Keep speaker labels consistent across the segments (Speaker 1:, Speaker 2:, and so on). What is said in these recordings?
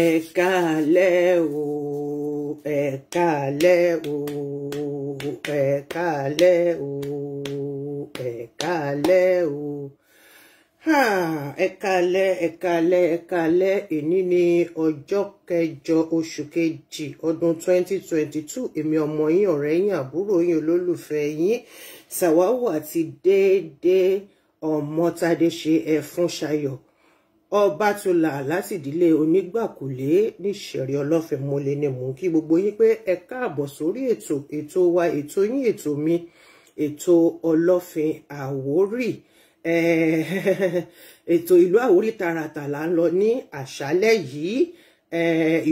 Speaker 1: ẹ káalẹ́ o ẹ káalẹ́ o ẹ káalẹ́ o ẹ káalẹ́ o ẹ káalẹ́ ẹ káalẹ́ ẹ káalẹ́ èní ni ọjọ́ kẹjọ oṣù kejì ọdún 2022 èmi ọmọ yín ọ̀rẹ́ yín àbúrò yín olólùfẹ́ yín Sàwáwù àti déédéé ọmọ Tádé ṣe ẹfún ṣayọ̀. Ọbátúlá láti ìdílé Onígbàkúlé níṣẹ̀rí ọlọ́fẹ̀ mo lè ní mú kí gbogbo yín pé ẹ káàbọ̀ sórí ètò ètò wa ètò yín ètò mi ètò ọlọ́fin àwórì ètò ìlú àwórì tààràtà là ń lọ ní àṣálẹ́ yìí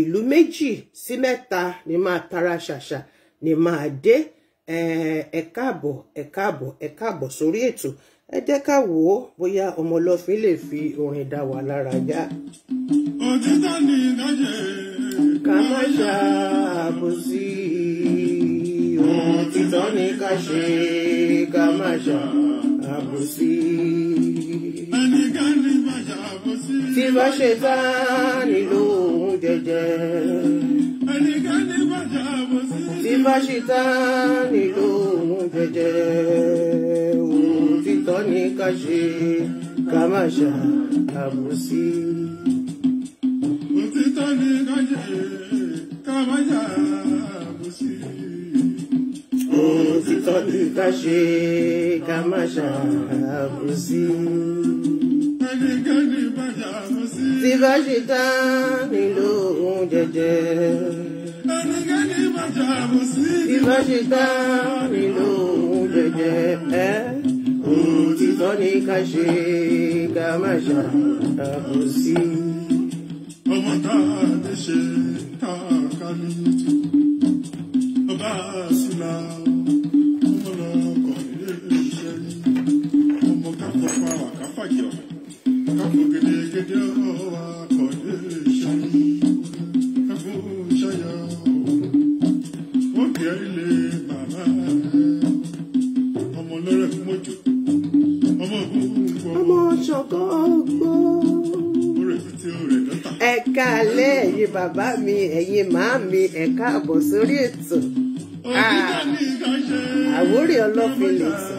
Speaker 1: ìlú méjì sí mẹ́ta ni máa tara ṣàṣà ni máa dé ẹ káàbọ̀ ẹ káàbọ̀ ẹ káàbọ̀ sórí ètò ẹ jẹ́ ká wò ó bóyá ọmọ ọlọ́fin lè fi orin dá wa lára yá. òtítọ́ ni ìdájẹ́. ká má ṣàbòsí. òtítọ́ ni ká ṣe ká má ṣàbòsí. ẹnikẹ́ni má ṣàbòsí. tí bá ṣe tá nílò òun jẹjẹ. ẹnikẹ́ni má ṣàbòsí. tí bá ṣe tá nílò òun jẹjẹ tọ́ ní ká ṣe ká má ṣà àbòsí. òtítọ́ ní ká ṣe ká má ṣà àbòsí. òtítọ́ ní ká ṣe ká má ṣà àbòsí. ẹnikẹ́ni bá ṣà àbòsí. tí bá ṣe tá nílò ohun jẹjẹ. tí bá ṣe tá nílò ohun jẹjẹ lórí ká ṣe ká má ṣàkóso. ọmọ tá a lè ṣe tá a kárí tù ọba sílá ọmọ lọkọ ilé iṣẹ́ ọmọ káfọ fáwà káfàjọ káfọ gẹdẹgẹdẹ ọwà kọ ilé iṣẹ́ káfọ ṣayọ ó ilé bàbá ọmọ lọrẹ mọjú ọmọ ṣọ̀kọ́ gbó. ẹ káalẹ́ ẹ̀yin bàbá mi ẹ̀yin màámi ẹ káàbọ̀ sórí ètò. Ah, àwórí ọlọ́fin lè sọ.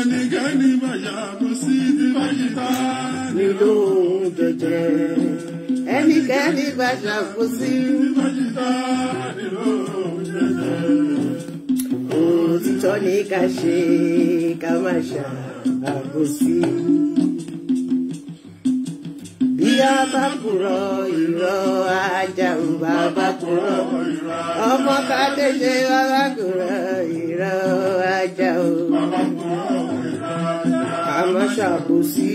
Speaker 1: Ẹnikẹ́ni máa jẹjẹrẹ kẹ́ni bá ṣàkóso. òtítọ́ ni ká ṣe ká má ṣàkóso. bí a bá kúrò ìrọ̀ ajá ò bá bá kúrò ọmọ ká ṣe bá bá kúrò ìrọ̀ ajá ò. ká má ṣàkóso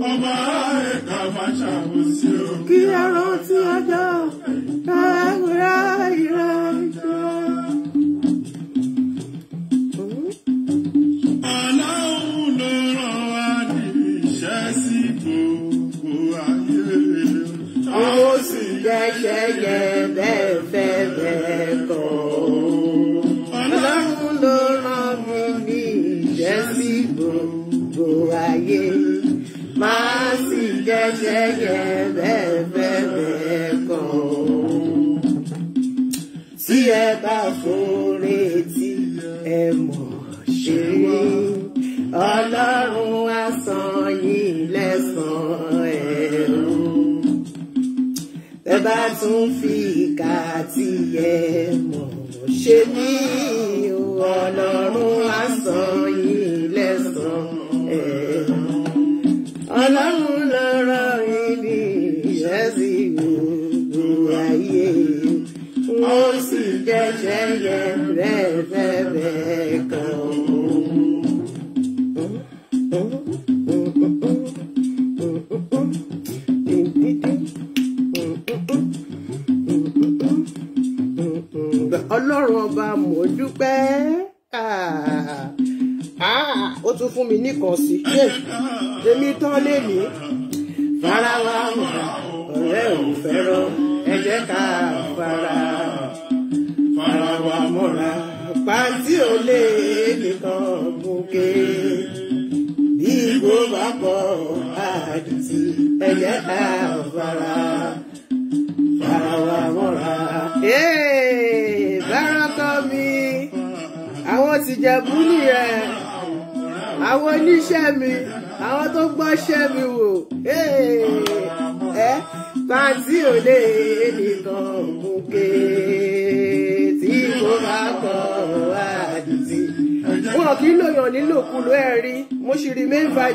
Speaker 1: ọba ẹ̀ka máa ṣàbòsí o. kí ẹran tí ọjọ́ ká gbéra. tún fi ìka àti ẹ̀ mọ̀ ṣe ní ọlọ́run àṣà. mi tán lé mi fara wa mọ̀ra ọ̀rẹ́ ò fẹ́ràn ẹ jẹ́ ká fara fara wa mọ̀ra pàǹtí ò lè nìkan gòkè bí ìgò bá pọ̀ àdìsí ẹ jẹ́ ká fara fara wa mọ̀ra. bárakọ́ mi àwọn tìjẹ̀bú nìyẹn àwọn oníṣẹ́ mi.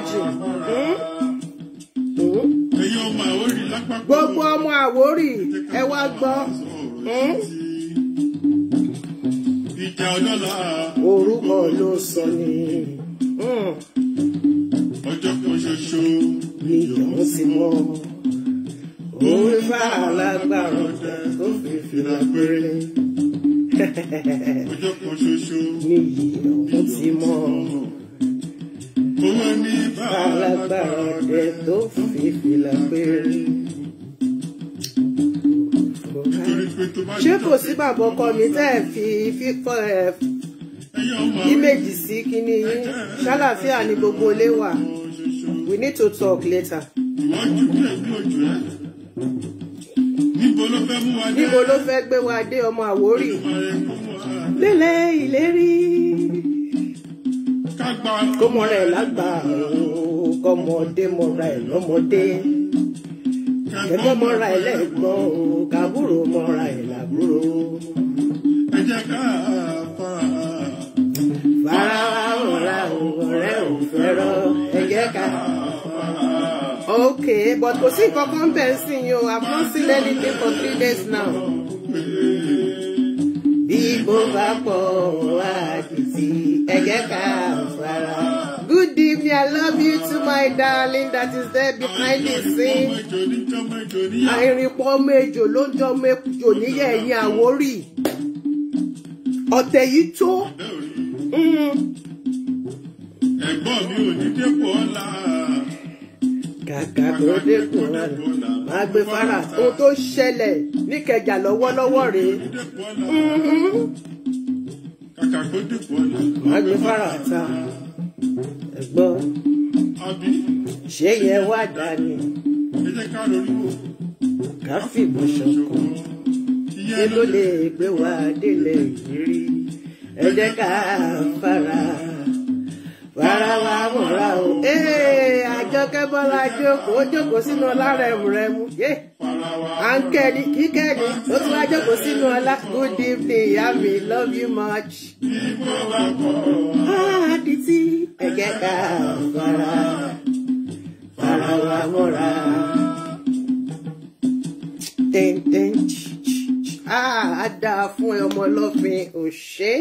Speaker 1: jù. gbogbo ọmọ àwórì ẹ wá gbọ́. orúkọ ló sọ ni. Hmm. bàbá ọkọ mi tẹ́ ẹ̀ fi fífọ́ ẹ̀ íméjì sí kíní yín ṣàlàfíà ni gbogbo ilé wà we need to talk later. níbo ló fẹ́ gbé wa dé ọmọ àwórì lélẹ̀ ìlérí kó mọ̀ra ẹ̀ lágbà kọ́mọdé mọ̀ra ẹ̀ lọ́mọdé ẹ̀gbọ́n mọ̀ra ẹ̀ lẹ́gbọ́n okay eh, but kò sí nǹkan kan bẹ́ẹ̀ sí i've not seen anything for three days now. bí mo bá pọ̀ wá títí ẹ̀gẹ́ ká good evening i love you to my darling that is there behind the scene. I report me ló ń jọ ọmọ ejò níyà ẹ̀yìn àwórì. ọ̀tẹ̀ yìí tó. ẹ̀gbọ́n mi ò ní dépò gàgà tó dẹkùn rẹ máa gbé fara ohun tó ṣẹlẹ̀ níkẹjà lọ́wọ́lọ́wọ́ rèé máa gbé fara ta ẹ̀gbọ́n ṣé yẹ wá dání ká fìbọn ṣọ̀kan ṣé ló lè gbé wá délé ìrírí ẹ jẹ́ ká fara
Speaker 2: wàrà wà mọ̀ra o.
Speaker 1: àjọkẹ́ bọ́lá jókòó jókòó sínú ọlá rẹ̀ rẹ̀mú. àǹkẹ́lì kíkẹ́lì ó tún wá jókòó sínú ọlá. good evening ìyá mi love you much. àdìtì ẹ̀jẹ̀ ká fara fara wà mọ̀ra. tẹ́ntẹ́ntì á dáa fún ẹ ọmọ ọlọ́fin òṣè.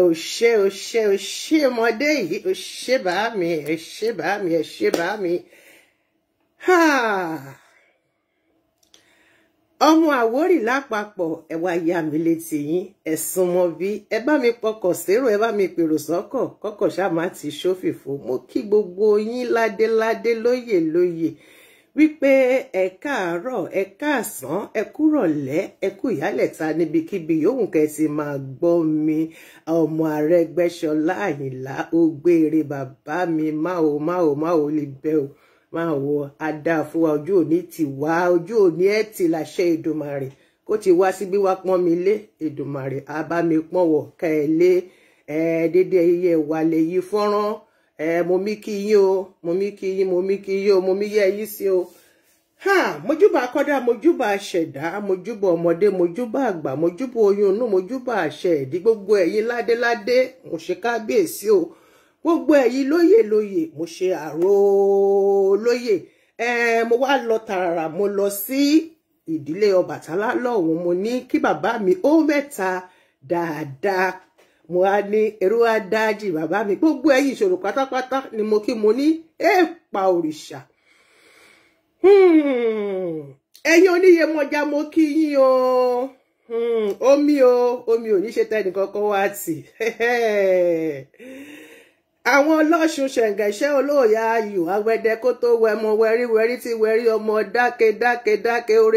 Speaker 1: Oshé, oshé, oshé, ṣé ò ṣé ọmọdé yìí ò ṣé bá mi ẹ ṣé bá mi ẹ ṣé bá mi. ọmọ Àwórì lápapọ̀ ẹ wá ya mi létí yín ẹ̀sùn mọ́ bí ẹ bá mi pọkàn sérò ẹ bá mi pèrò sọ́kọ̀ kọ́kọ̀ ṣáà má ti ṣófìfò mo kí gbogbo yín ládéládé lóyè lóyè. Lóyè wípé ẹ káàárọ̀ ẹ káàsán ẹ kúrọ̀lẹ́ ẹ kú ìyálẹ̀ta níbikíbi yòówù kẹsì máa gbọ́ mi ọmọ Arẹ́gbẹ́ṣọlá Àyìnlá Ògbèrè bàbá mi máa o máa o máa o lè bẹ o máa wo adáfúwa ojú òní ti wá ojú òní ẹ ti láṣẹ Èdùmàrè kó ti wá síbí wá pọ́n mi lé Èdùmàrè abámi pọ́n wọ ká ẹ lé ẹ dédé iye wà lè yí fọ́nrán ẹ mo mí kí yín o mo mí kí yín mo mí kí yín o mo mí yẹ yín sí o ha mojúbà akọ́dá mojúbà àṣẹ̀dá mojúbà ọmọdé mojúbà àgbà mojúbà oyún inú mojúbà àṣẹ ìdí gbogbo ẹ̀yin ládéládé mo ṣe kábíyèsí o gbogbo ẹ̀yin lóyè lóyè mo ṣe àrò lóyè ẹ mo wá lọ tààrà mo lọ sí ìdílé Ọbàtálá lọ́hùn mo ní kí bàbá mi ó mẹ́ta dáadáa mo á ní èrò adájì bàbá mi gbogbo ẹ̀yin ìṣòro pátápátá ni mo kí mo ní èèpà òrìṣà hmm. ẹ̀yin oníyèmọ̀já mo kí yín o hmm. omi o omi ò ní ṣe tẹnì kankan wá tì àwọn ọlọ́sùn ṣẹ̀ǹgẹ̀ṣẹ́ olóòyà ayò agbẹ̀dẹ kó tó wẹmọ wẹrí wẹrí tí wẹrí ọmọ dáke dáke o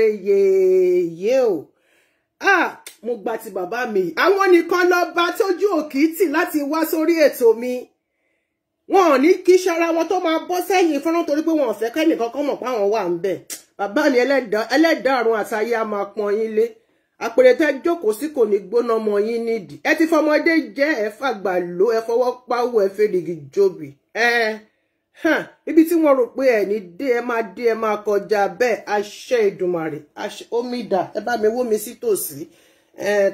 Speaker 1: ah mo gba ti bàbá mi àwọn nìkan lọ bá tójú òkìtì láti wá sórí ètò mi wọn ò ní kí ṣara wọn tó máa bọ́ sẹ́yìn fọ́nrán torí pé wọn ò fẹ́ kẹ́nì kankan mọ̀ páwọn wà ń bẹ̀ bàbá mi ẹlẹ́dàá àrùn àtayé a máa pọn yín lé àpèrè tẹ́ jókòó sí kò ní gbóná ọmọ yín nídìí ẹ ti fọmọdé jẹ ẹ fàgbà ló ẹ fọwọ́ pawó ẹ fèrègì jòbì ẹ ibi tí wọ́n rò pé ẹ ní dé ẹ máa dé ẹ máa kọjá bẹ́ẹ̀ àṣẹ Èdùmàrè omi dà ẹ bá mi wó sí tòsí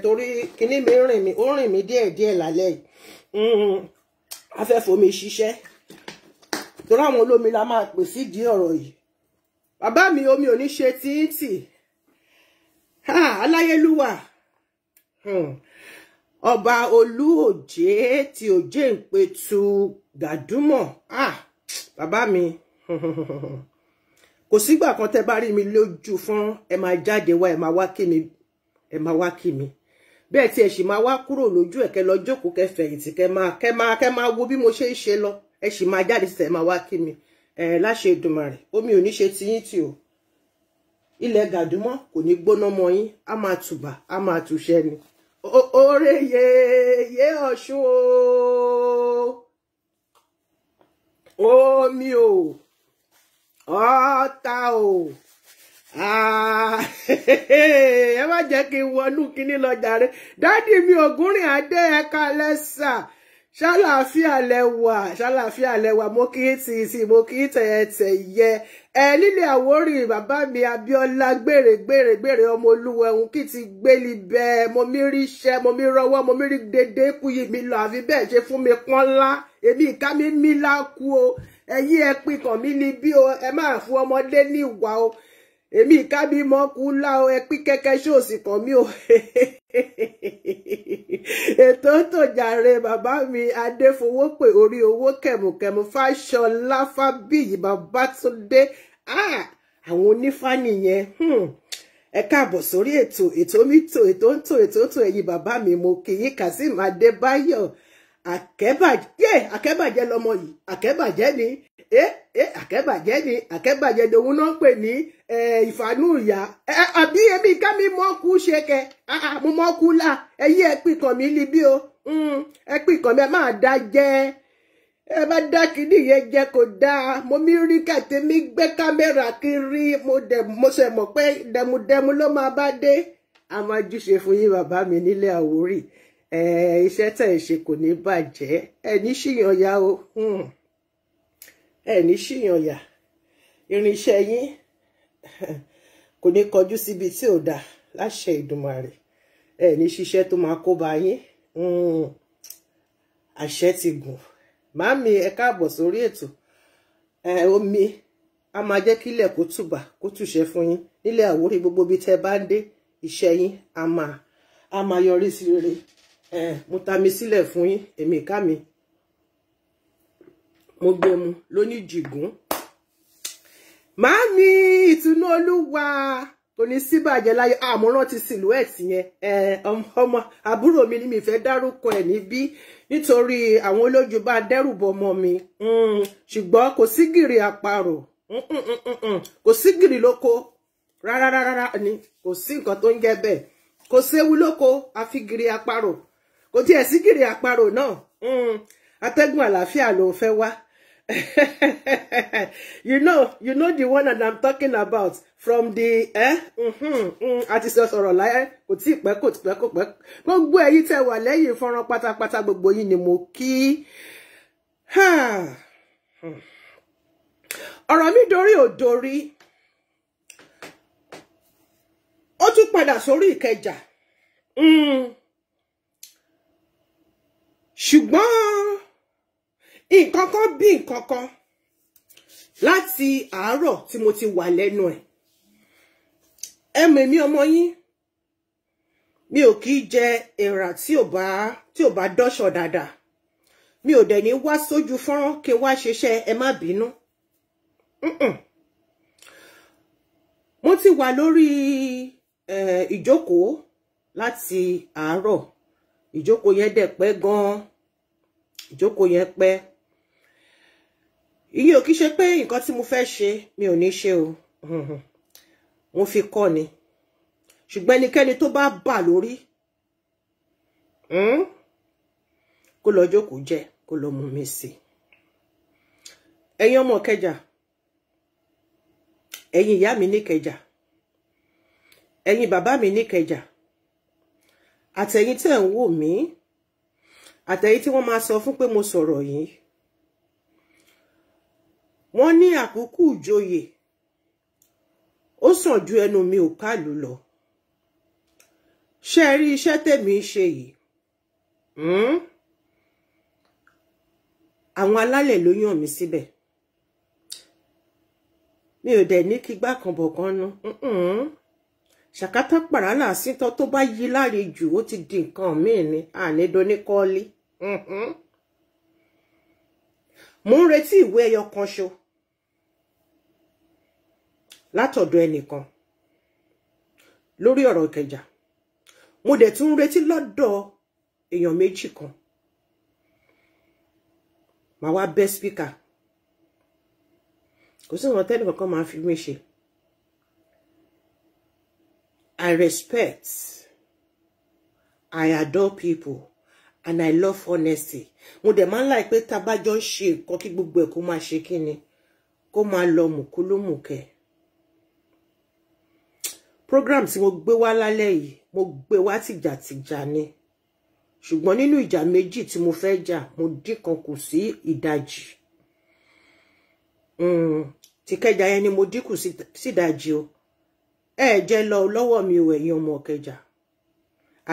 Speaker 1: torí kinní mi rìn mí ó rìn mí díẹ̀díẹ̀ lálẹ́ yìí afẹ́fọ́mi ṣiṣẹ́ torí àwọn olómi la máa pè sídìí ọ̀rọ̀ yìí bàbá mi omi ò ní ṣe tíìtì aláyélúwà ọba olúòjé ti òjé ìpẹ̀tù gàdúmọ̀ bàbá mi kò sígbà kan tẹ́ bá rí mi lójú fún ẹ máa jáde wá ẹ máa wá kí mi ẹ máa wá kí mi bẹ́ẹ̀ tí ẹ sì máa wá kúrò lójú ẹ̀kẹ́ lọ jókòó kẹ́ fẹ̀yìntì kẹ́ máa kẹ́ máa kẹ́ máa wo bí mo ṣe ń ṣe lọ ẹ sì máa jáde síta ẹ máa wá kí mi ẹ omi ò ní ṣe tiyín tì o ilẹ̀ gàdúmọ́ kò ní gbóná mọ́ yín á máa tùbà á máa tùṣẹ́ ni oore yé yé ọ̀ṣun o omi o ọ̀tá o. Ah, ẹ má jẹ́ kí n wọnú kínní lọ jàre dádì mi ògúnrìn adé ẹ̀ka lẹ́sà ṣàlàáfíà lẹwà ṣàlàáfíà lẹwà mo kì í ti ti mo kì í tẹ̀yẹ̀tẹ̀ yẹ ẹ nílé àwórì bàbá mi Abíọ́lá gbèrè gbèrè gbèrè ọmọ olúwa ẹ̀hún kì í ti gbélé bẹ́ẹ̀ mo mi rí iṣẹ́ mo mi rọwọ́ mo mi rí dédé kú yìí mi lọ àfi bẹ́ẹ̀ ṣe fún mi pọ́nlá èmi ìka mi mí lákú o ẹ̀yí ẹ pin kàn mí ni bí o ẹ máa fún ọmọdé ní ìwà o èmi ìkábí mọ kú ńlá o ẹ pín kẹkẹ ṣóòsì kan mi o ètò tó jàre bàbá mi adéfowópè orí owó fa fáṣọlá fábíyì babátúndé ah, àwọn onífá nìyẹn hmm. ẹ káàbọ̀ sórí ètò ètò mi tò ètò ń tò ètò tó ẹ̀yin bàbá mi mo kì í kazeem adébáyọ̀ àkẹ́bàjẹ́ àkẹ́bàjẹ́ lọmọ yìí àkẹ́bàjẹ́ ni ẹ ẹ àkẹ́bàjẹ́ ni eh eh àkẹ́bàjẹ́ ni òun náà ń pè ní ìfàánú ìyá àbí ebi kẹ́mi mọ́kú ṣe kẹ mo mọ́kú là ẹyí ẹ pì kàn mí libí o hmm, ẹ pì kàn mí ẹ máa dá jẹ ẹ bá dá kínní yẹn jẹ kò dáa mo mi rí kẹtẹ mi gbé kámẹ́rà kiri mo dẹ̀ mo sẹ̀ mọ̀ pé dẹmudẹmu ló máa bá dé a máa júṣe fún yín bàbá mi nílé Àwórì iṣẹ́ tẹ̀ ẹ̀ ṣe kò ní bàjẹ́ ẹ ní ṣìyàn ya o hmm, ẹ ní ṣìyàn ya irinṣẹ́ yín kò ní kọjú síbi tí ò dáa láṣẹ Ìdùmarè ẹ ní ṣiṣẹ́ tó máa kó bá yín hmm, àṣẹ ti gùn màámi ẹ káàbọ̀ sórí ètò omi a máa jẹ́ kílẹ̀ kó tùbà kó túṣẹ fún yín nílẹ̀ Àwórì gbogbo ibi tẹ́ bá ń dé iṣẹ́ yín a máa a máa yọrí sí rere mo ta mi sílẹ̀ fún yín èmi ká mi mo gbé mu lóní màámi ìtùnú olúwa kò ní sí bàjẹ́ láyé àmọ́ràn ah, ti silhouette um, ọmọ aburo mi ni mi fẹ́ dárúkọ ẹ̀ níbí nítorí àwọn olójú bá dẹ́rùbọ̀ ọmọ mi Hmm, hmm, sí gìrì àparò hmm, hmm, hmm, kò sí Ra ra ra ni kò sí nǹkan tó ń jẹ́ bẹ́ẹ̀ kò séwu lóko àfi gìrì àparò kò tiẹ̀ sí gìrì àparò náà atẹ́gùn àlàáfíà ló fẹ́ wá you know you know the one that i'm talking about from the eh àti mm-hmm, mm, sọ sọ̀rọ̀ láyé kò tí pẹ́ kò tí pẹ́ kò pẹ́ gbogbo èyí tẹ́ wà lẹ́yìn fọ́nrán pátápátá gbogbo yìí ni mo kí ọ̀rọ̀ mi dorí ò o ó tún padà sórí ìkẹjà mm. ṣùgbọ́n nǹkan kan bí nǹkan kan láti àárọ̀ tí mo ti wà lẹ́nu ẹ̀ ẹ mọ̀ ọmọ yín mi ò kì í jẹ èrà tí ò bá tí ò bá dọ́ṣọ̀ dáadáa mi ò dẹ̀ ní wá sójú fọ́nrán kí n wá ṣiṣẹ́ ẹ má bínú mo ti wà lórí ìjókòó láti àárọ̀ ìjókòó yẹn dẹ̀ pẹ́ gan ìjókòó yẹn pẹ́ iye ò kí ṣe pé nǹkan tí mo fẹ́ ṣe mi ò ní ṣe o mo fi kọ́ ni ṣùgbọ́n ẹnikẹ́ni tó bá bà lórí kó lọ jókòó jẹ kó lọ mú mi sí ẹ̀yin ọmọ kẹjà ẹ̀yin ìyá mi ní kẹjà ẹ̀yin bàbá mi ní kẹjà àtẹ̀yin tẹ́ ń wò mí àtẹ̀yin tí wọ́n máa sọ fún pé mo sọ̀rọ̀ yìí wọ́n ní àkókò ìjòyè ó sàn ju ẹnu mi ò kálù lọ ṣé ẹ rí iṣẹ́ tèmi ń ṣe yìí hmm? àwọn alálẹ̀ ló yàn mí síbẹ̀ mi ò dẹ̀ ní kí gbá kan bọ̀kan nu ṣàkátà pàrà làásìtọ́ tó bá yí láre jù ó ti di nǹkan míì ni àní doníkọ́ọ́lí. Mm-hmm mo ń retí ìwé ẹyọ kan ṣo látọ̀dọ̀ ẹnìkan lórí ọ̀rọ̀ Ìkẹjà mo dẹ̀ tún ń retí lọ́dọ̀ èèyàn méjì kan màá wá bẹ́ spíkà kò sí ìwọ̀n tẹ́lẹ̀ kankan máa fi mí ṣe I respect I adore people and I love honesty mo dẹ̀ máa ń láì pé tá a bá jọ ń ṣe nǹkan kí gbogbo ẹ̀ kó máa ṣe kí ni kó máa program tí mo gbé wá lálẹ́ yìí mo gbé wá tìjàtìjà ni ṣùgbọ́n nínú ìjà méjì tí mo fẹ́ jà mo dín kan kù sí ìdajì hmm, ti kẹjà yẹn ni mo dínkù sí ìdajì o ẹ jẹ́ lo lọ́wọ́ mi o ẹ̀yin ọmọ kẹjà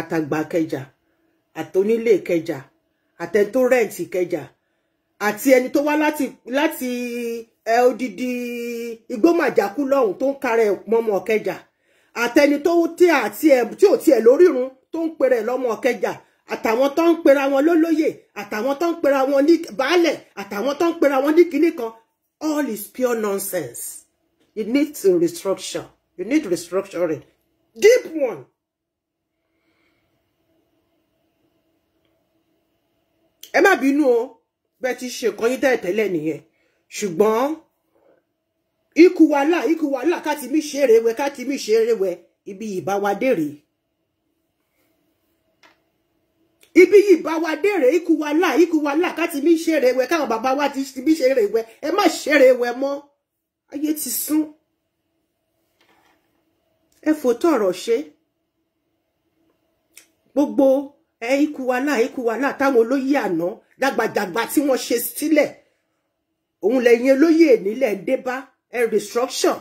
Speaker 1: àtàgbà kẹjà àtònílé ìkẹjà àtẹ̀ntó rẹ̀ǹtì ìkẹjà àti ẹni tó wá láti láti ẹ odidi igbó màjákú lọ́hùn tó ń karẹ̀ mọ́mọ ọ̀kẹjà àtẹni tó tí àti ẹ tí ò tiẹ̀ lórírun tó ń pèrè lọ́mọ ọ̀kẹjà àtàwọn tó ń pera wọn lólóyè àtàwọn tó ń pera wọn ní baálẹ̀ àtàwọn tó ń pera wọn ní kinní kan all is pure nonsense you need to restructure you need restructuring deep one ẹ má bínú o bẹ́ẹ̀ ti ṣe nǹkan yín tẹ́lẹ̀ tẹ́lẹ̀ nìyẹn ṣùgbọ́n ikú wàhálà ikú wàhálà ká ti mí ṣe rewẹ ká mí ṣe rewẹ ibi ìbá wa dèrè ibi yìí bá wa dèrè ikú wa là ikú wa là ká ti mí ṣeré wẹ káwọn bàbá wa ti mí ṣeré wẹ ẹ má ṣeré wẹ mọ́ ayé ti sún ẹ fòótọ́ ọ̀rọ̀ ṣe gbogbo ẹ ikú wa náà ikú wa náà táwọn olóyè àná dàgbàdàgbà tí wọ́n ṣe sílẹ̀ òun lẹ́yìn olóyè nílẹ̀ ń ẹ restruction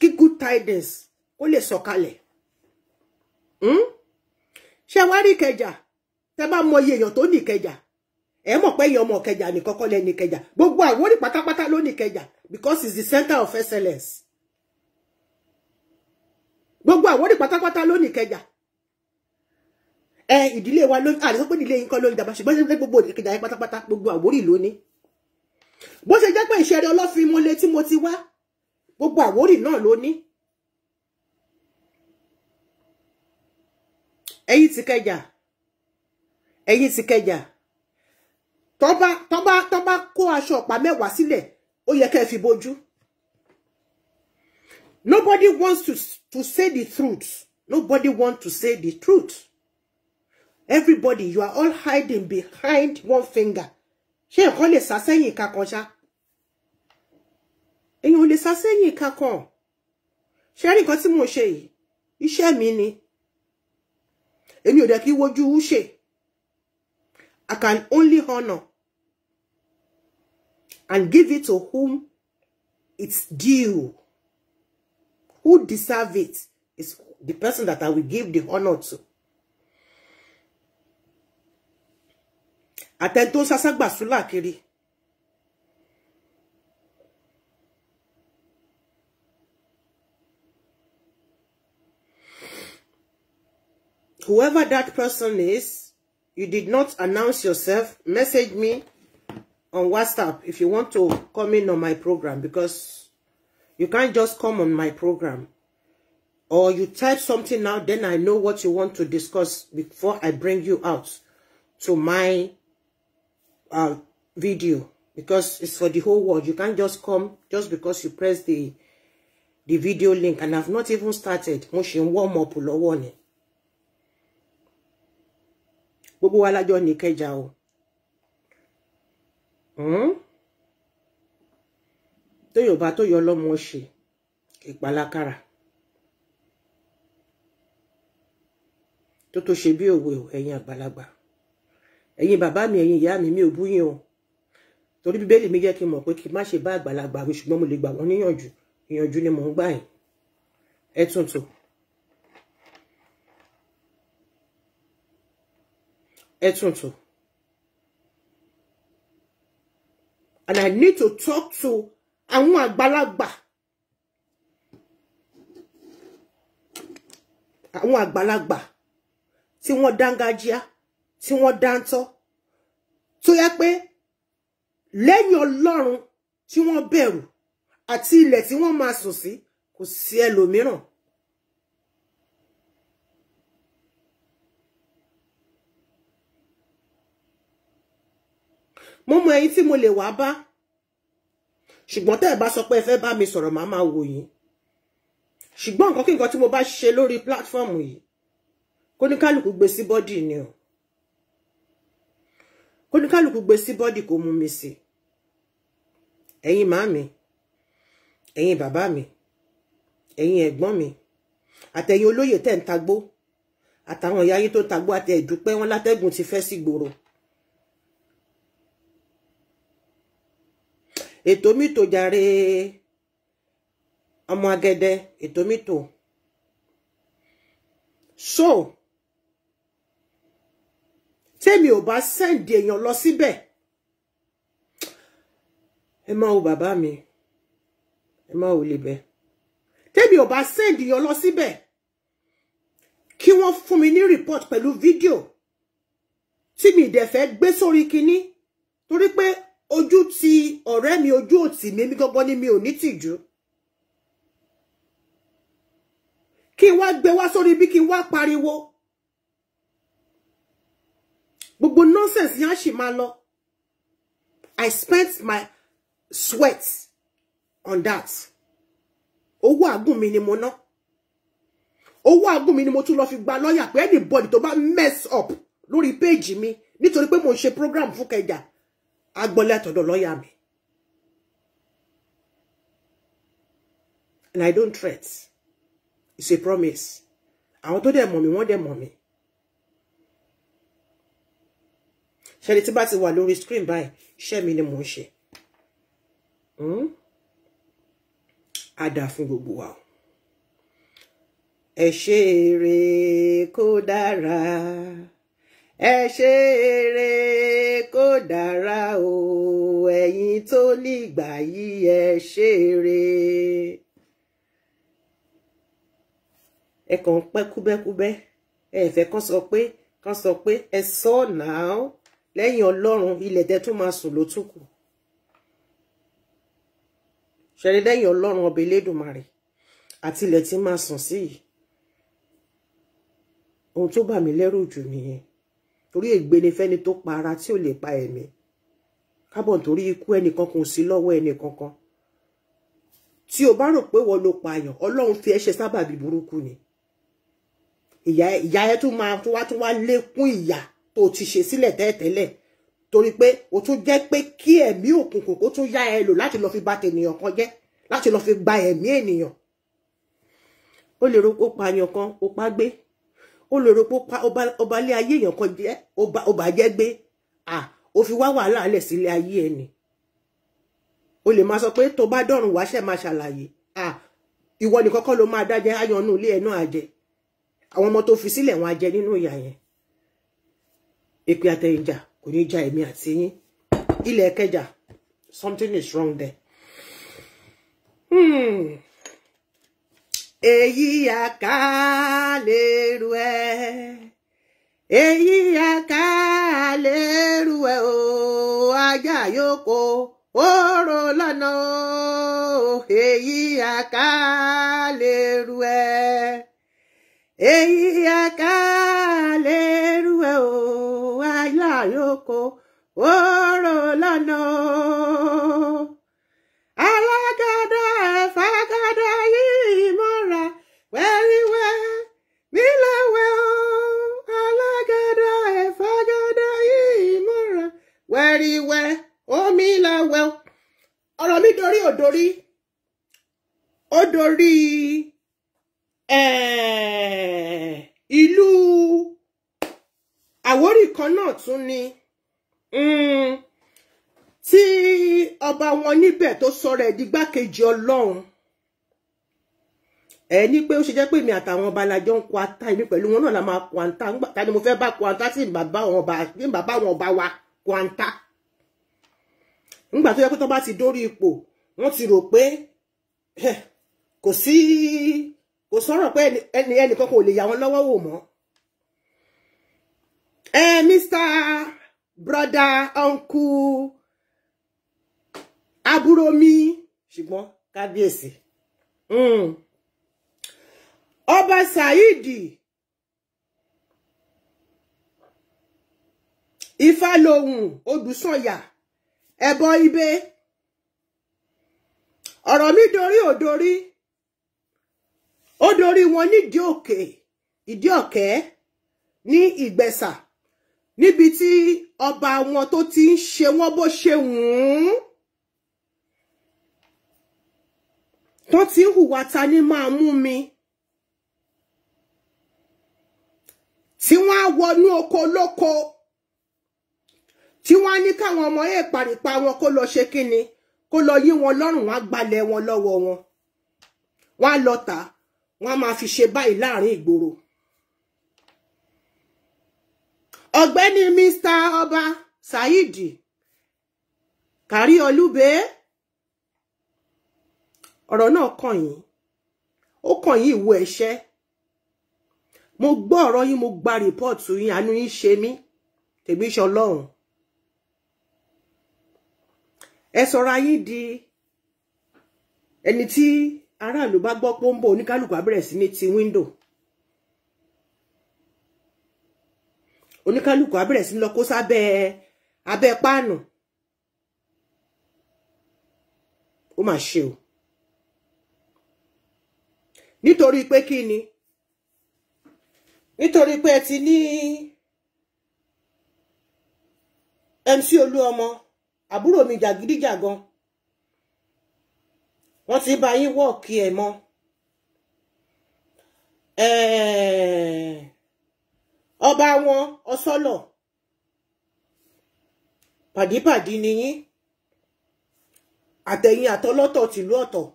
Speaker 1: kí good tidings ó lè sọ̀kalẹ̀ hmm? ṣé wá rí kẹjà tẹ bá mọ iye èèyàn tó ní kẹjà ẹ mọ̀ pé èèyàn ọmọ kẹjà nìkan kọ́ lẹ́ni kẹjà gbogbo Àwórì pátápátá ló ní kẹjà because it's the center of excellence gbogbo Àwórì pátápátá ló ní kẹjà ẹ ìdílé wa ló ń àdìsọ́ pé ìdílé yín kọ́ ló ń jàmbá ṣùgbọ́n ṣe gbogbo ìdíkejì ayé pátápátá gbogbo Àwórì ló ní bó ṣe jẹ́ pé ìṣẹ̀rẹ̀ ọlọ́fin mo lé tí mo ti wá gbogbo Àwórì náà ló ní. ẹ̀yin ti kẹjà ẹ̀yin ti kẹjà tọ́ba tọ́ba tọ́ba kó aṣọ ọ̀pá mẹ́wàá sílẹ̀ ó yẹ kẹ́ ẹ fi bojú. Nobody wants to, to say the truth. Nobody wants to say the truth everybody you are all hiding behind one finger She nǹkan lè sá sẹ́yìn ìka kan ṣá èèyàn lè sá sẹ́yìn ìka kan ṣe rí nǹkan tí mo ṣe yìí iṣẹ́ mi ni èmi ò dẹ̀ kí wojú ṣe I can only honor and give it to whom it's due who deserve it is the person that I will give the honor to. àtẹni tó ń sáságbà súlà kiri whoever that person is you did not announce yourself message me on WhatsApp if you want to come in on my program because you can't just come on my program or you type something now, then I know what you want to discuss before I bring you out to my uh, video because it's for the whole world. You can't just come just because you press the the video link and I've not even started. Mo ṣe ń warm up lọ́wọ́ ni. Gbogbo wa lájọ ní Ìkẹjà o. Hmm? Tóyò bá tó yọ lọ́mọ ṣe ìpalákàrà. Tó tó ṣe bí òwe ẹ̀yin bàbá mi ẹ̀yin ìyá mi mi ò búyìn o torí bíbélì mi jẹ́ kí n mọ̀ pé kí n má ṣe bá àgbàlagbà mi ṣùgbọ́n mo lè gbà wọ́n níyànjú ìyànjú ni mò ń gbà yín ẹ tuntun ẹ tuntun and I need to talk to àwọn àgbàlagbà àwọn àgbàlagbà tí wọ́n dángájíá tí wọ́n dáńtọ́ tó yẹ pé lẹ́yìn Ọlọ́run tí wọ́n bẹ̀rù àti ilẹ̀ tí wọ́n máa sùn sí kò sí ẹlòmíràn mo mọ ẹ̀yin tí mo lè wá bá ṣùgbọ́n tẹ́ ẹ bá sọ pé ẹ fẹ́ bá mi sọ̀rọ̀ màá máa wò yín ṣùgbọ́n nǹkan kí nǹkan tí mo bá ṣe lórí pílátífọ́ọ̀mù yìí kóníkálùkù gbé bọ́dì ni o kólúkálùkù gbé sí bọ́dì kó mú mi sí ẹ̀yin màámi ẹ̀yin bàbá mi ẹ̀yin ẹ̀gbọ́n mi àtẹ̀yin olóyè tẹ̀ ń tagbó àtàwọn ìyá yín tó tagbó àtẹ ìdúpẹ́ wọn látẹ́gùn ti fẹ́ sí gbòòrò ètò mi jàre ọmọ agẹdẹ ètò mi so Temi ò bá send èèyàn lọ síbẹ̀ ẹ máa wo bàbá mi ẹ máa wo lebe tèmi ò bá send èèyàn lọ síbẹ̀ kí wọ́n fún mi ní report pelu video tí mi dẹ̀ fẹ́ gbé sórí kinní torí pé ojú ti ọ̀rẹ́ mi ojú òtì mi mi gangan ni mi ò ní tìjú kí n wá gbé wá sórí bí kí pariwo Gbogbo nonsense yẹn ṣì máa lọ. I spent my sweat on that. Owó àgùn mi ni mo ná. Owó àgùn mi ni mo tún lọ fi gba lọ́yà pé anybody to bá mess up lórí péèjì mi nítorí pé mo ń ṣe program fún kẹjà agbọ́lẹ̀ àtọ̀dọ̀ lọ́yà mi. And I don't threat. It's a promise. Àwọn tó dẹ̀ mọ̀ mí, wọ́n dẹ̀ mọ̀ mí. ṣẹ́ni tí bá ti wà lórí screen báyìí iṣẹ́ mi ni mò ń ṣe hmm? á fún gbogbo wa ẹ ṣe eré kó dára ẹ ṣe eré kó dára o ẹ̀yin tó nígbà yìí ẹ ṣe eré. ẹ kàn ń pẹ́ kúbẹ́kúbẹ́ ẹ fẹ́ kàn sọ pé kàn sọ pé ẹ sọ now lẹ́yìn ọlọ́run ilẹ̀ tẹ́ tún máa sùn ló tún kù ṣẹlẹ lẹ́yìn ọlọ́run ọba elédùnmarè àti ilẹ̀ tí máa sùn sí yìí ohun tó bà mí lẹ́rù jù nìyẹn torí ègbé ni fẹ́ni tó pa ara tí ò lè pa ẹ̀mí kábọ̀ torí ikú ẹnìkan kò sí lọ́wọ́ ẹnìkankan tí o bá rò pé wọ́n ló pààyàn ọlọ́run fi ẹ̀ṣẹ̀ sábàbí burúkú ni ìyá ẹ tún máa tún wá tún wá lékún ìyà tó ti ṣe sílẹ̀ tẹ́ẹ̀tẹ́lẹ̀ torí pé o tún jẹ́ pé kí ẹ̀mí òkùnkùn kó tún yá ẹ lò láti lọ fi bà tènìyàn kan jẹ́ láti lọ fi gba ẹ̀mí ènìyàn ó lè ro pé ó pa àyàn kan ó pa gbé ó lè ro pé ó ba ilé ayé èèyàn kan jẹ́ ó bà jẹ́ gbé à ó fi wá wàhálà lẹ̀ sílé ayé ẹni o lè máa sọ pé tó bá dọ̀rùn wá ṣe máa ṣàlàyé à ìwọ nìkan kọ́ ló máa dájẹ́ ayọ̀ nù ilé ẹ̀ náà àjẹ àwọn ọmọ fi sílẹ̀ wọn àjẹ nínú ìyà yẹn èpè àtẹ̀yìnjà kò ní ja èmi àti yín ilẹ̀ kẹjà something is wrong there. Hmm. èyí àkàlérú ẹ èyí àkàlérú ẹ o ajá yòókò oró lọ́nà o èyí àkàlérú ẹ èyí àkàlérú o àyòkò òòrò lọ́nà alagada ẹ̀fàgàdá yìí mọ́ra wẹ́ríwẹ́ nílẹ̀wẹ́ o alágàdá ẹ̀fàgàdá yìí mọ́ra wẹ́ríwẹ́ omi lẹ́wẹ́ o ọ̀rọ̀ mi dorí ò dorí ó dorí ìlú. Eh, Àwórì kan náà tún ni mm, tí ọba wọn níbẹ̀ tó sọ̀rọ̀ ẹ̀ dígbákejì ọlọ́run ẹ ní pé ó ṣe jẹ́ pé èmi àtàwọn ọba alájọ ń kó ata èmi pẹ̀lú wọn náà la máa kó ata ńgbà ta ni mo fẹ́ bá kó ata tí bàbá àwọn ọba tí bàbá àwọn ọba wa kó ata ńgbà tó yẹ pé tó bá ti dórí ipò wọ́n ti rò pé kò sí kò sọ̀rọ̀ pé ẹnì ẹnì kankan ò lè yà wọ́n lọ́wọ́ wò mọ́. Eh, Mr. Brother, Uncle, àbúrò mi, ṣùgbọ́n kábíyèsí. Mm. Ọba Saidi, Ifá lòun, Odùsànyà, ẹ̀bọ ibé. Ọ̀rọ̀ mi dorí ò dorí. Ó dorí wọn nídìí òkè, ìdí ọ̀kẹ́ ní ìgbẹ̀sà níbi tí ọba wọn tó ti ń ṣe wọ́n bó ṣe wùn wọ́n ti ń hùwà ta ní máa mú mi tí wọ́n á wọnú oko lóko tí wọ́n á ní káwọn ọmọ yẹn pàrìpà wọn kó lọ ṣe kíni kó lọ yí wọn lọ́rùn wọ́n á gbalẹ̀ wọn lọ́wọ́ wọn wọ́n á lọ tà wọ́n á máa fi ṣe báyìí láàrin ìgboro. ọ̀gbẹ́ni mr ọba saheed kárí olúbe ọ̀rọ̀ náà kàn yín ó kàn yín ìwo ẹ̀ṣẹ̀ mo gbọ́ ọ̀rọ̀ yín mo gba rìpọ́ọ̀tù yín àánú yín ṣe mí tèmi ṣe ọlọ́run ẹ sọra yín di ẹni tí aráàlú bá gbọ́ pé ó ń bọ̀ oníkálukú á sí ní ti wíńdò oníkálukú á bẹ̀rẹ̀ sí lọ kó sábẹ́ abẹ́ páànù ó mà ṣe o nítorí pé kí ni nítorí pé ẹ ti ní MC Olúọmọ àbúrò mi jàgídíjàgan wọ́n ti bá yín wọ́ọ̀kì ẹ̀ mọ́ ẹ̀ẹ́ ọba wọn ọsọlọ pàdípàdí ni yín àtẹ̀yìn àtọlọ́tọ̀ tìlú ọ̀tọ̀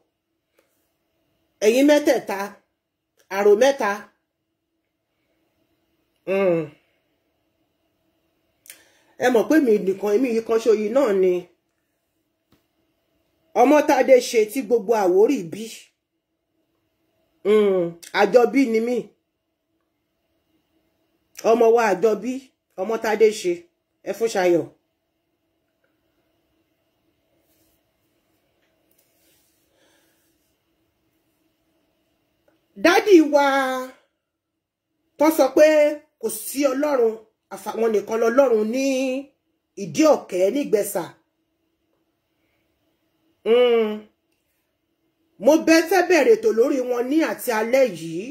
Speaker 1: ẹ̀yin mẹ́tẹ̀ẹ̀ta àrò mẹ́ta hmm. ẹ mọ̀ pé mi nìkan èmi yìí kan ṣoyí náà ni ọmọtadé ṣe tí gbogbo àwórì bí hmm. àjọbí ni mí. Mm ọmọ wa àjọbí ọmọ tádé ṣe ẹ fún ṣayọ̀ dádì wa tó sọ pé kò sí ọlọ́run àfàwọn nìkan lọlọ́run ní ìdí ọ̀kẹ́ nígbẹ̀sà hmm. mo bẹ́ fẹ́ bẹ̀rẹ̀ ètò lórí wọn ní àti alẹ́ yìí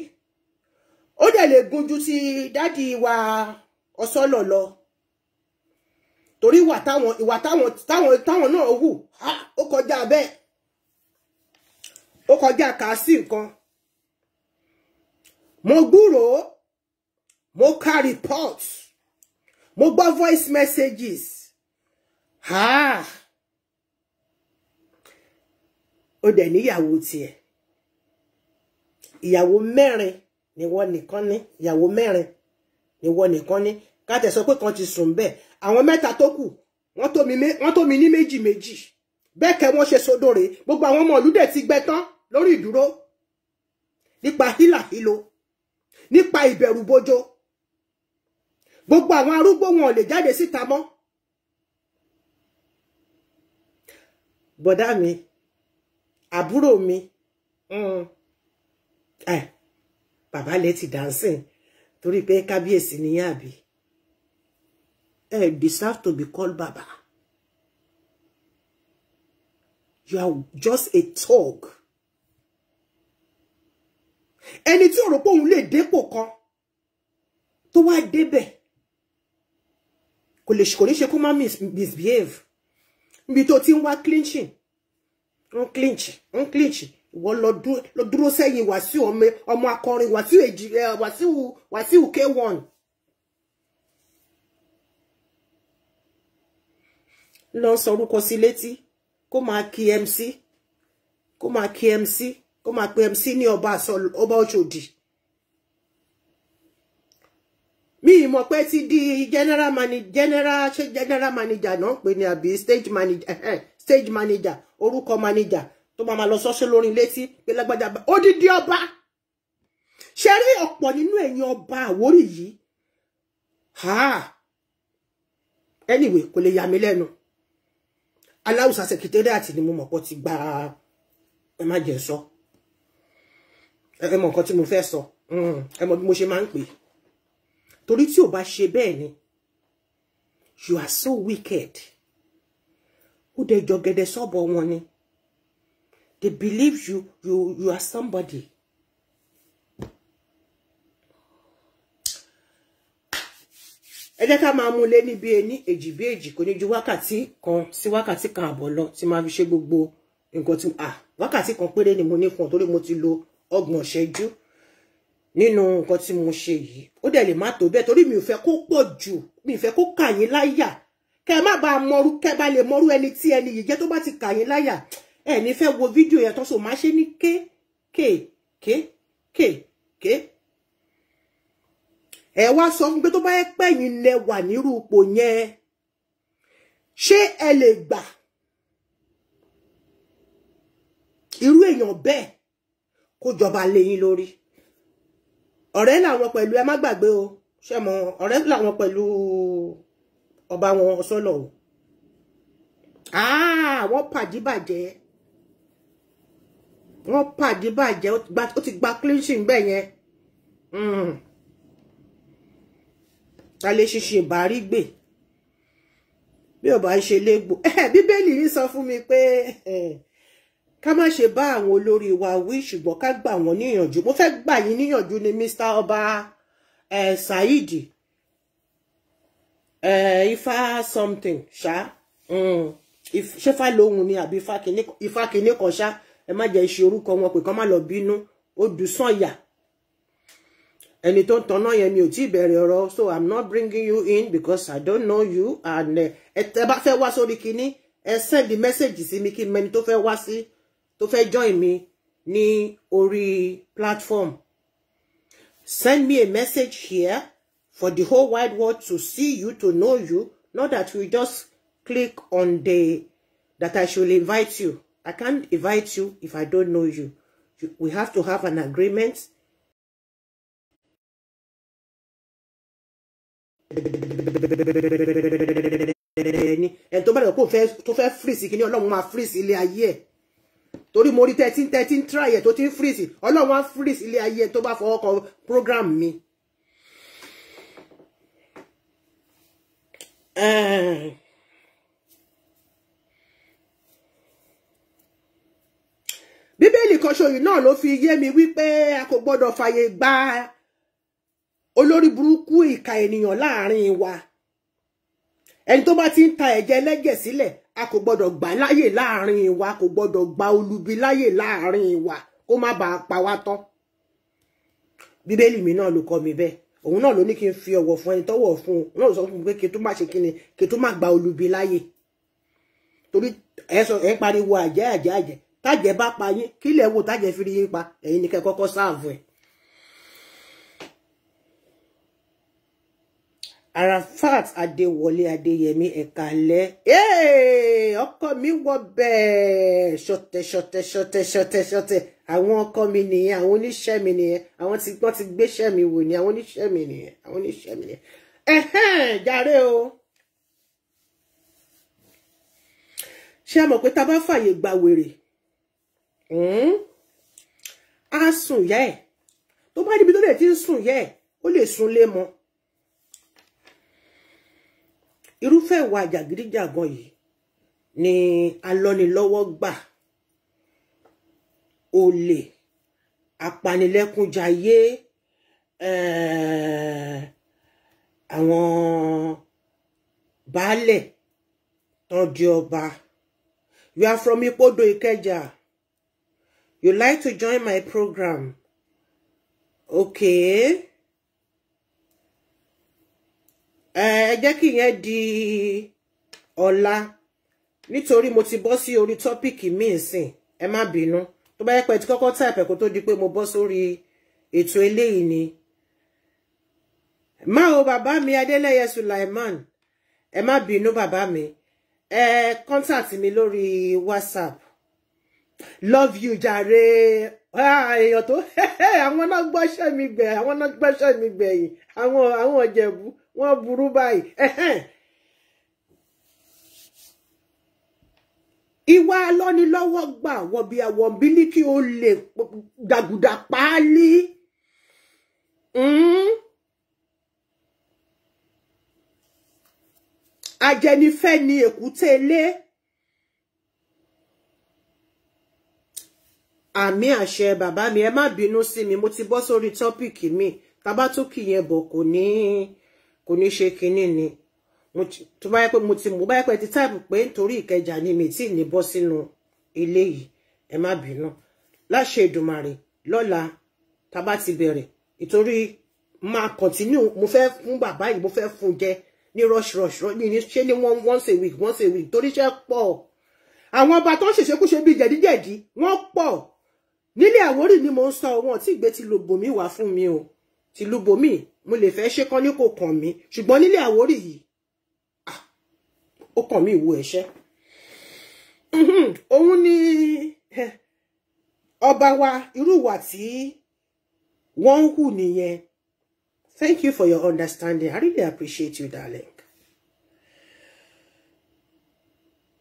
Speaker 1: ó dẹ̀ lè gunjú ti dádì wa ọ̀sọ́lọ̀ lọ torí ìwà táwọn ìwà táwọn táwọn táwọn náà hù ó kọjá bẹ́ẹ̀ ó kọjá kà sí nǹkan mo gbúròó mo ka report mo gbọ́ voice messages ó dẹ̀ níyàwó tiẹ̀ ìyàwó mẹ́rin níwọ nìkan ní ìyàwó mẹ́rin níwọ nìkan ní káàtẹ sọ pé kan ti sùn bẹ́ẹ̀ àwọn mẹ́ta tó kù wọ́n tó mi ní méjì méjì bẹ́ẹ̀ kẹ́ wọ́n ṣe sódòrè gbogbo àwọn ọmọ ìlú dẹ̀ ti gbẹ tán lórí ìdúró nípa hílàhílo nípa ìbẹ̀rù bojo gbogbo àwọn arúgbó wọn ò lè jáde síta mọ́ bọ̀dá mi àbúrò mi eh bàbá lè ti dancing torí pé kábíyèsí ni yín àbí deserve to be called Baba. you are just a talk. ẹni tí ò rò pé òun lè dépò kan tó wá débẹ̀ kò lè kò ní ṣe kó misbehave níbi tó ti ń wá clinching ń clinch ń clinch ìwọ lọ dúró sẹ́yìn Wàsíù ọmọ akọrin Wàsíù èjì Wàsíù Wàsíù K1. lọ sọ orúkọ sí létí kó máa kí MC kó máa kí MC kó máa pe MC ní ọba ọba Ọ̀ṣọ́dì mi mọ̀ pé ti di general manager general ṣe general manager náà pè ní àbí stage manager stage manager orúkọ manager tó máa máa lọ sọ́ṣẹ́ lórí létí pé lágbájá odidi ọba ṣe rí ọ̀pọ̀ nínú ẹ̀yin ọba Àwórì yìí anyway kò lè yà mí lẹ́nu aláwùsà secretariat ni mo mọ̀ pọ̀ ti gba ẹ má jẹ́ sọ ẹ mọ̀ nǹkan tí mo fẹ́ sọ mm, ẹ mọ̀ bí mo ṣe máa ń pè torí tí ò bá ṣe ni you are so wicked ó dẹ̀ jọ gẹ́dẹ́ sọ́bọ̀ wọn ni. They believe you, you, you are somebody. ẹ jẹ́ ká máa mú lé níbi ẹni èjì bí èjì kò ní ju wákàtí kan sí wákàtí kan àbọ̀ si tí máa fi ṣe gbogbo nǹkan tí à kan péré ni mo ní fún ọ lo ọgbọ̀n ṣẹ́jú ni non tí mo ṣe yìí ó dẹ̀ lè má tó bẹ́ẹ̀ torí mi ò fẹ́ kó pọ̀ jù mi ò fẹ́ kó kà yín láyà kẹ má bàa mọrú kẹ bá lè mọrú ẹni tí ẹni yìí jẹ́ tó bá ti kà yín ẹ ní fẹ́ wo fídíò yẹn tán so máa ṣe ní ké ké ké ké ké ẹ wá sọ fún pé tó bá yẹ pẹ́yìn lẹ wà nírú ipò yẹn ṣé ẹ lè gbà irú èèyàn bẹ́ẹ̀ kó jọba lẹ́yìn lórí ọ̀rẹ́ làwọn pẹ̀lú ẹ má gbàgbé o ṣe mọ ọ̀rẹ́ làwọn pẹ̀lú ọba wọn sọlọ o àwọn pàdí bàjẹ́ wọ́n pàdé bàjẹ́ ó ti gba clinching bẹ́ẹ̀ yẹn hmm. alẹ́ ṣinṣin ìbárí gbè bí ọba ṣe légbò bíbélì yìí sọ fún mi pé ká má ṣe bá àwọn olórí wa wí ṣùgbọ́n ká gbà wọ́n níyànjú mo fẹ́ gbà yín níyànjú ni Mr Ọba Saheed ifá something ṣá hmm. ṣé fá lóhùn ni àbí ifá kìíní kan ṣá ẹ má jẹ́ iṣẹ́ orúkọ wọn pé kán má lọ bínú ó dùn sànyà ẹni tó ń mi ò tí ì bẹ̀rẹ̀ so i'm not bringing you in because i don't know you and eh, ẹ bá fẹ́ wá sórí kinní ẹ send the message sí mi kí n mẹni tó fẹ́ wá sí tó join me, ní orí platform send me a message here for the whole wide world to see you to know you not that we just click on the that i should invite you I can't invite you if I don't know you. you we have to have an agreement. And ẹni tó bá dẹ̀ kó freeze. You fírìsì kí my freeze. máa fírìsì ilé ayé ẹ̀ torí mo thirteen thirteen try it. tó ti ń fírìsì ọlọ́run á fírìsì ilé ayé ẹ̀ tó bá program me. Uh... bíbélì kan ṣoyìn náà ló fi yé mi wípé a kò gbọ́dọ̀ fàyè gba olórí burúkú ìka ènìyàn láàrin wa ẹni tó bá ti ń ta ẹ̀jẹ̀ ẹlẹ́jẹ̀ sílẹ̀ a kò gbọ́dọ̀ gbà láyè láàrin wa kò gbọ́dọ̀ gba olubi láyè láàrin wa kó má bàa pa wá tán bíbélì mi náà ló kọ́ mi bẹ́ẹ̀ òun náà ló ní kí n fi ọ̀wọ̀ fún ẹni tọ́wọ̀ fún un náà sọ fún mi pé kí n tó má ṣe kí ni kí n tó má gba olubi láyè torí ẹ sọ ẹ pariwo àjẹ́ àjẹ́ àjẹ́ tájẹ bá pa yín kí lẹ wo tájẹ fi rí pa ẹ̀yin ni kẹ́ kọ́kọ́ sáàvù ẹ. Arafat Adéwọlé Adéyẹmí ẹkálẹ́ ọkọ mi wọ bẹ́ẹ̀ ṣọ̀tẹ̀ ṣọ̀tẹ̀ ṣọ̀tẹ̀ ṣọ̀tẹ̀ ṣọ̀tẹ̀ àwọn ọkọ mi nìyẹn àwọn oníṣẹ́ mi nìyẹn àwọn tí gbọ́n ti gbéṣẹ́ mi wò ní àwọn oníṣẹ́ mi nìyẹn àwọn oníṣẹ́ mi nìyẹn ẹ̀hẹ́n jàre o. ṣé ẹ mọ̀ pé tá a bá fàyè gba wèrè á sùn yá ẹ̀ tó bá níbi tó lè ti ń sùn yá ẹ̀ ó lè sùn lé mọ́ irúfẹ́ ìwà jàgídíjàgan yìí ni alọ́nilọ́wọ́ gbà olè apanilẹ́kúnjayé eh, àwọn baálẹ̀ tọ́jú ọba you are from Ipodo Ikeja You like to join my program. Okay. Ẹ jẹ́ kí yẹn di ọ̀la nítorí mo ti bọ́ sí orí tọ́pìkì mi nsìn ẹ má bínú tó bá yẹ pé ti kọ́kọ́ type kó tó di pé mo bọ́ sórí ètò eléyìí ni. Má o bàbá mi Adélẹ́yẹ Sulaiman ẹ má bínú bàbá mi ẹ contact mi lórí WhatsApp love you jàre ah, èèyàn tó àwọn náà gbọ́ṣẹ́ mi gbẹ̀ àwọn náà gbọ́ṣẹ́ mi gbẹ̀yìn àwọn àwọn ọ̀jẹ̀bú wọ́n burú báyìí ìwà lọ́nilọ́wọ́ gbà wọ̀bí àwọn bílíkì ó lè dàgùdà páálí hmm? ajẹnifẹ́ ni èkúté ilé. Mm? àmì àṣẹ bàbá mi ẹ má bínú sí mi mo ti bọ́ sórí tọ́pìkì mi tabátúkì yẹn bọ̀ kò ní kò ní ṣe kinní ni tó bá yẹ pé mo ti mú bá yẹ pé ti táìpù pé nítorí ìkẹjà ni mi tí ní bọ́ sínú ilé yìí ẹ má bínú láṣẹ Èdùmàrè lọ́la tabá ti bẹ̀rẹ̀ ìtorí máa kọ̀tínú mo fẹ́ fún bàbá yìí mo fẹ́ fún jẹ ní rush rush ní ṣe ní one once a week once a week torí iṣẹ́ pọ̀ àwọn ọba tó ń ṣèṣekúṣe bíi jẹ̀díjẹ̀dí wọ́n pọ̀ nílé Àwórì ni mo ń sọ wọn tí ìgbé ti lòbòmí wá fún mi o ti lòbòmí mo lè fẹ́ ṣe kán ní kò kàn mí ṣùgbọ́n nílé Àwórì yìí ó kàn mí ìwo ẹ̀ṣẹ́ òun ni ọba wa irú ìwà tí wọ́n ń hù nìyẹn thank you for your understanding i really appreciate you darling.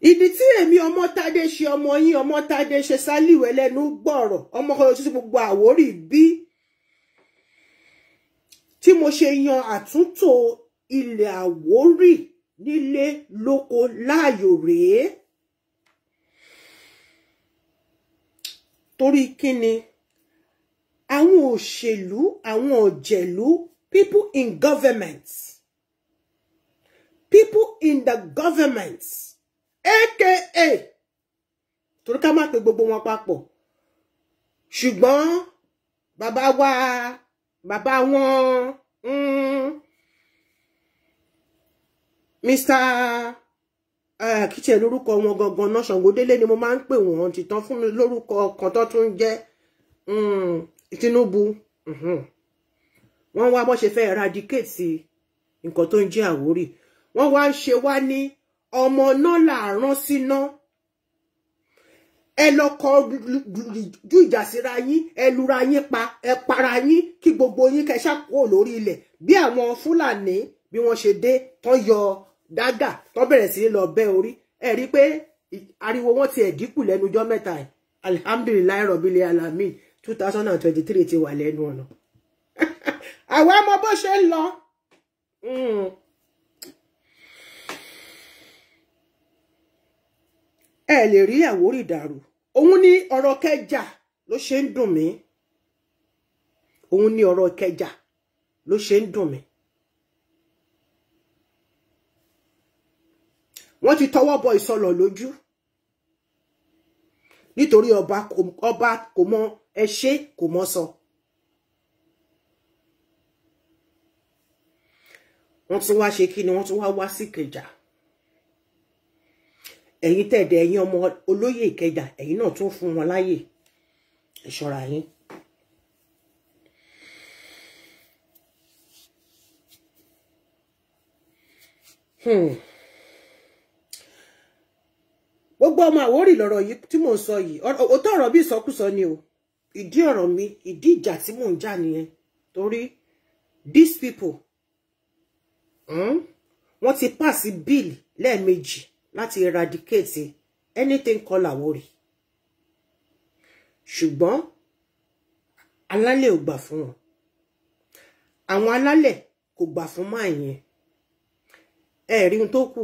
Speaker 1: ìdí tí èmi ọmọ tádé ṣe ọmọ yín ọmọ tádé ṣe sálíwẹ lẹ́nu gbọ̀rọ̀ ọmọ kan ojú sí gbogbo àwórì bí tí mo ṣe yan àtúntò ilẹ̀ àwórì nílé lóko láàyò rèé torí kíni àwọn òṣèlú àwọn ọ̀jẹ̀lú people in government people in the government aka torí ká má pe gbogbo wọn papọ̀ ṣùgbọ́n bàbá wa bàbá wọn Mr kìtì ẹ lórúkọ wọn gangan náà Ṣàngódélé ni mo máa ń pè wọn ti tán fún mi lórúkọ kan tó tún jẹ́ hmm, Tinubu hmm. wọ́n wá bó ṣe fẹ́ eradicate nǹkan tó ń jẹ́ Àwórì wọ́n wá ń ṣe wá ní ọmọ náà làárán síná ẹ lọ kọ ju ìjà síra yín ẹ lura yín pa ẹ para yín kí gbogbo yín kẹ ṣàkóò lórí ilẹ̀ bí àwọn fúlàní bí wọ́n ṣe dé tán yọ dágà tán bẹ̀rẹ̀ sí lọ bẹ́ orí ẹ rí pé ariwo wọn ti ẹ̀dínkù lẹ́nu ọjọ́ mẹ́ta ẹ̀ alihamdulilayi rọ̀bìlì alamin two thousand and twenty-three ti wà lẹ́nu ọ̀nà àwa mọ bó ṣe ń lọ. Hmm. ẹ lè rí Àwórì dàrú òun ní ọ̀rọ̀ kẹjà ló ṣe ń dùn mí òun ní ọ̀rọ̀ kẹjà ló ṣe ń dùn mí. wọ́n ti tọwọ́ bọ ìsọlọ̀ lójú nítorí ọba ọba kò mọ ẹṣẹ kò mọ sọ. wọ́n tún wá ṣe kí ni wọ́n tún wá wá sí kẹjà. Si ẹ̀yin tẹ̀dẹ̀ ẹ̀yin ọmọ olóyè ìkẹjà ẹ̀yin náà tún fún wọn láyè ẹ ṣọ́ra yín. Hmm. gbogbo ọmọ Àwórì lọ̀rọ̀ yìí tí mò ń sọ yìí òótọ́ ọ̀rọ̀ bí ìsọkúsọ ni o ìdí ọ̀rọ̀ mi ìdí ìjà tí mò ń jà nìyẹn torí these people hmm, wọ́n ti pàṣẹ bíìlì lẹ́ẹ̀mejì láti eradicate anything kọ́ làwọn rí ṣùgbọ́n alálẹ̀ ò gbà fún wọn àwọn alálẹ̀ kò gbà fún máa yẹn ẹ rí ohun tó kù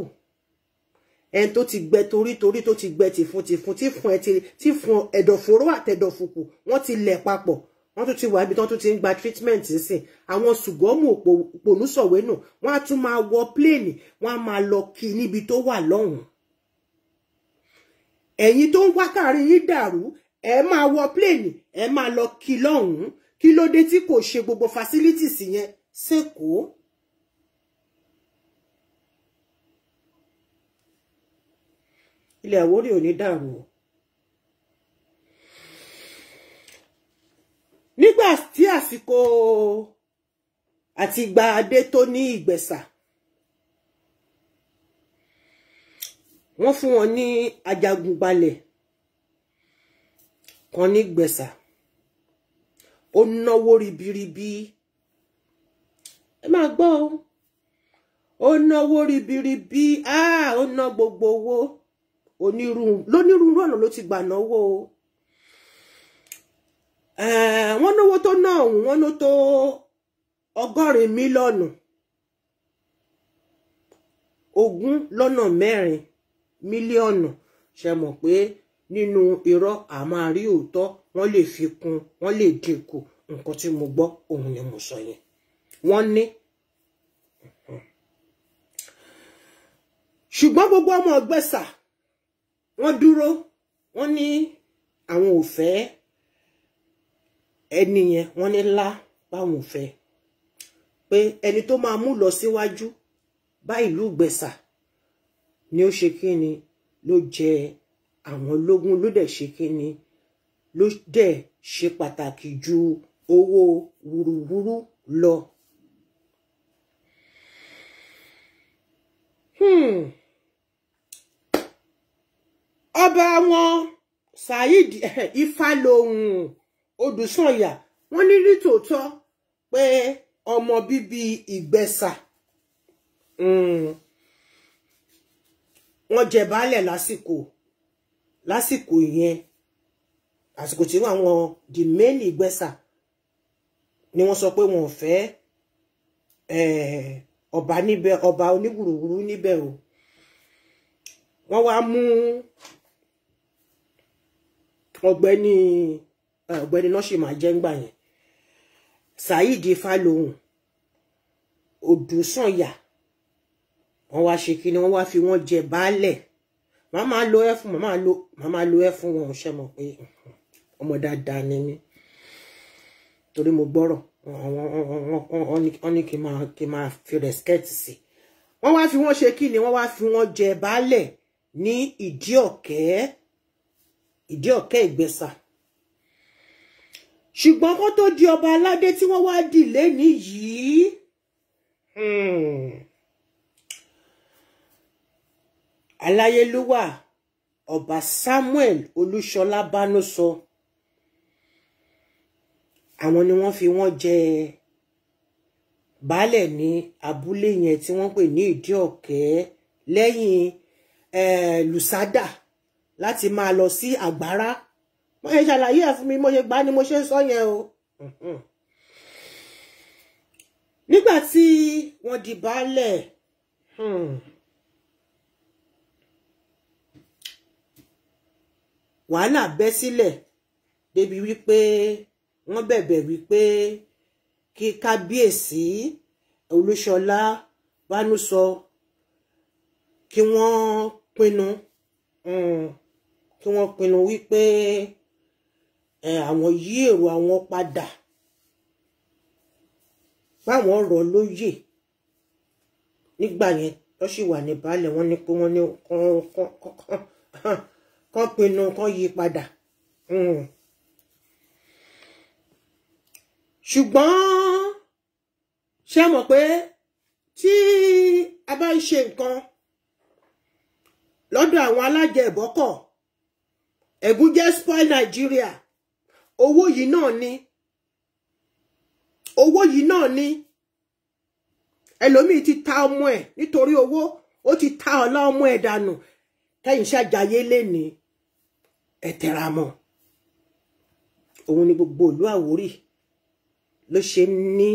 Speaker 1: ẹni tó ti gbẹ torí torí tó ti gbẹ tìfun tìfun tí fún ẹ ti fún ẹ̀dọ̀fóró àtẹ̀dọ̀fùkù wọ́n ti lẹ̀ papọ̀ wọ́n tún ti wà níbi tán tún ti ń gba treatment sí àwọn ṣùgbọ́mù òpònú sọ̀wénù wọ́n á tún máa wọ pléènì wọ́n á máa lọ kí níbi tó wà lọ́hùn-ún ẹ̀yin tó ń wá káàrin yín dàrú ẹ máa wọ pléènì ẹ máa lọ kí lọ́hùn-ún kí ló dé tí kò ṣe gbogbo facilities yẹn sẹ́kọ̀ọ́. ilé Àwórì ò ní dàrú o. nígbà tí àsìkò àti gba adé tó ní ìgbẹ̀sà wọ́n fún wọn ní ajagunbalẹ̀ kan ní gbẹ̀sà ó náwó ribiribi ẹ máa gbọ́ ó náwó ribiribi ó ná gbogbo owó onírúurú lónírúurú ọ̀nà ló ti gbà náwó o Eh, wọn náwó tó ná ọ̀hún o to tó ọgọ́rin ogun ogún merin mẹ́rin mílíọ̀nù ṣe mọ̀ pé nínú irọ́ a máa rí òótọ́ wọn lè fi kún wọ́n lè dínkù nǹkan tí mo gbọ́ òun ni mo sọ yẹn ní. ṣùgbọ́n gbogbo ọmọ ọgbẹ́sà wọ́n dúró wọ́n ní àwọn ò ẹni yẹn wọ́n ní lá báwọn ò fẹ́ pé ẹni tó máa mú lọ síwájú bá ìlú gbẹ̀sà ni ó ṣe kíni ló jẹ àwọn lógún ló dẹ̀ ṣe kíni ló dẹ̀ ṣe pàtàkì ju owó wúruwúru lọ. Hmm. ọba wọn Saheed Ifá lòun. Odùsànyà wọ́n ní nítòótọ́ pé ọmọ bíbí Ìgbẹ̀sà mm, wọ́n jẹ baálẹ̀ lásìkò lásìkò yẹn àsìkò tí àwọn the main Ìgbẹ̀sà ni wọ́n sọ pé wọn ò fẹ́ eh, ọba níbẹ̀ ọba onígbùrùgbùrù níbẹ̀ o wọ́n wá mú ọ̀gbẹ́ni. Ni ọ̀gbẹ́ni eh, náà ṣì máa jẹ́ ńgbà yẹn saheed falohun odùsànyà wọ́n wá ṣe kíni wọ́n wá fi wọ́n jẹ baálẹ̀ màá máa lo ẹ fún màá máa lo màá máa lo ẹ fún wọn ṣe mọ̀ pé ọmọ dáadáa ni mí torí mo gbọ́rọ̀ wọ́n ní kí n máa kí n máa fi rẹ̀skẹ́tì sí wọ́n wá fi wọ́n ṣe kíni wọ́n wá fi wọ́n jẹ baálẹ̀ ní ìdí ọ̀kẹ́ ìdí ọ̀kẹ́ ìgbésà ṣùgbọ́n kó tó di ọba aládé tí wọ́n wá dì lẹ́ni yìí hmm. ọba Samuel Olúṣọlá Bánúsọ àwọn ni wọ́n fi wọ́n jẹ baálẹ̀ ní abúlé yẹn tí wọ́n pè ní Ìdíọ̀kẹ́ lẹ́yìn eh, lùsádà láti máa lọ sí àgbárá mo ṣe ṣàlàyé ẹ̀ fún mi mo ṣe gbà ni mo ṣe ń sọ yẹn o nígbà tí wọ́n di baálẹ̀ wàhálà bẹ́ sílẹ̀ débi wípé wọ́n bẹ̀bẹ̀ wípé kí kábíyèsí olúṣọlá bánúsọ kí wọ́n pinnu kí wọ́n pinnu wípé. Mm àwọn yí èrò àwọn padà báwọn rọ lóyè nígbà yẹn tó sì wà ní baálẹ̀ wọ́n ní pé wọ́n ní kán pinnu kán yí padà hmm. ṣùgbọ́n ṣé mọ̀ pé tí a bá ń ṣe nǹkan lọ́dọ̀ àwọn alájẹ ìbọ́kọ̀ ẹ̀gúnjẹ́ spoil Nigeria owó yìí náà ni owó yìí náà ni ẹlòmíì ti ta ọmọ ẹ̀ nítorí owó ó ti ta ọlá ọmọ ẹ̀ dànù tẹ̀yìn ṣàjàyé lénìí ẹ tẹra mọ́ òun ni gbogbo ìlú Àwórì ló ṣe ní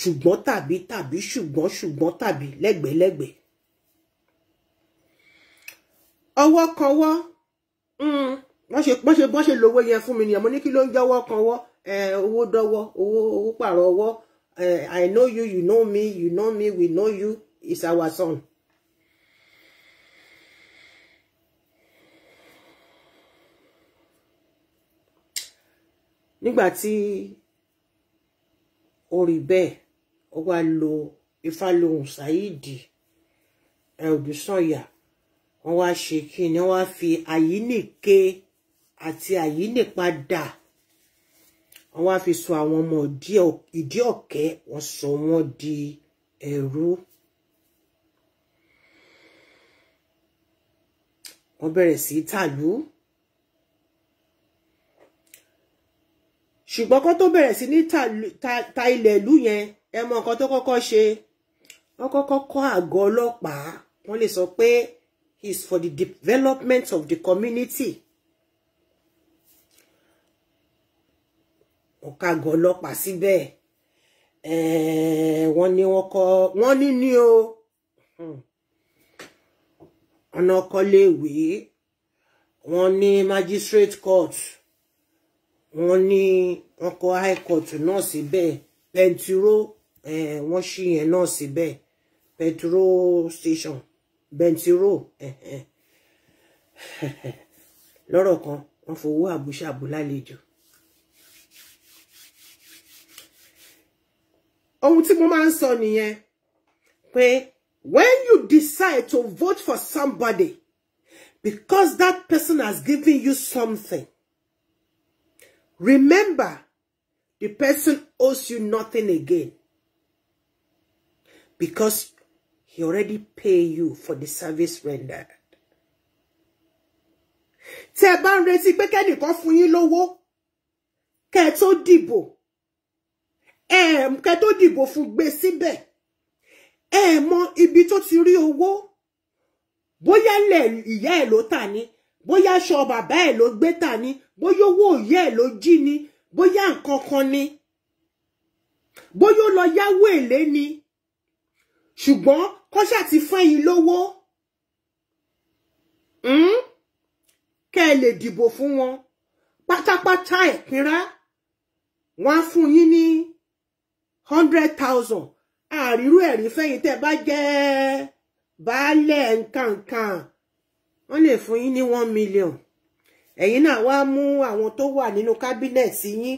Speaker 1: ṣùgbọ́n tàbí tàbí ṣùgbọ́n ṣùgbọ́n tàbí lẹ́gbẹ̀lẹ́gbẹ̀ ọwọ́ kanwọ́. Hmm, wọ́n ṣe bọ́n ṣe bọ́n ṣe lówó yẹn fún mi nìyẹn mo ní kí ló ń jọ́wọ́ kan wọ́ owó dọ́wọ́ owó owó pààrọ̀ ọwọ́ I know you you know me you know me we know you is our son. nígbà tí ó rí bẹ́ẹ̀ ó wá lo ifá lohùn ṣáídì ẹ̀ òbí sànyà wọ́n wá ṣe kí ni wọ́n wá fi àyíníke àti àyílè padà wọ́n wá fi sọ àwọn ọmọ ìdí ọ̀kẹ́ wọ́n sọ wọ́n di ẹrú wọ́n bẹ̀rẹ̀ sí í tàlú ṣùgbọ́n kó tó bẹ̀rẹ̀ sí ní ta ilẹ̀ ìlú yẹn ẹ mọ nǹkan tó kọ́kọ́ ṣe wọ́n kọ́kọ́ kọ́ àgọ́ ọlọ́pàá wọ́n lè sọ pé is for the development of the community. kò kágọ̀ ọlọ́pàá síbẹ̀ wọ́n ní wọ́n kọ́ wọ́n ní ní o hmm. ọ̀nà ọkọléèwé wọ́n ní magistrate court wọ́n ní wọ́n kọ́ high court náà síbẹ̀ pẹntiró wọ́n ṣí yẹn náà síbẹ̀ pẹntiró station pẹntiró lọ́rọ̀ kan wọ́n fowó àbúṣàbù lálejò. ohun tí mo máa ń sọ nìyẹn when you decide to vote for somebody because that person has given you something remember the person owes you nothing again because he already pay you for the service rendered. tẹ́ ẹ bá ń retí pé kẹ́nìkan fún yín lówó kẹ́ ẹ ẹ kẹ tó dìbò fún gbé síbẹ̀ ẹ mọ ibi tó ti rí owó bóyá lẹ̀ ìyá ẹ̀ ló tà ní bóyá aṣọ bàbá ẹ̀ ló gbé tà ní bóyá owó ìyá ẹ̀ ló jí ní kan ni bóyá lo lọ yáwó èlé ni ṣùgbọ́n kọ́ṣà ti fẹ́yìn lówó hmm? kẹ́ ẹ lè dìbò fún wọn pátápátá ẹ̀pínrá wọ́n á fún yín ní hundred thousand àrírú ẹ̀rí fẹ́yìn tẹ́ bá jẹ́ baálẹ̀ nkankan wọ́n lè fún yín ní one million ẹ̀yin náà wá mú àwọn tó wà nínú kábínẹ̀tì yín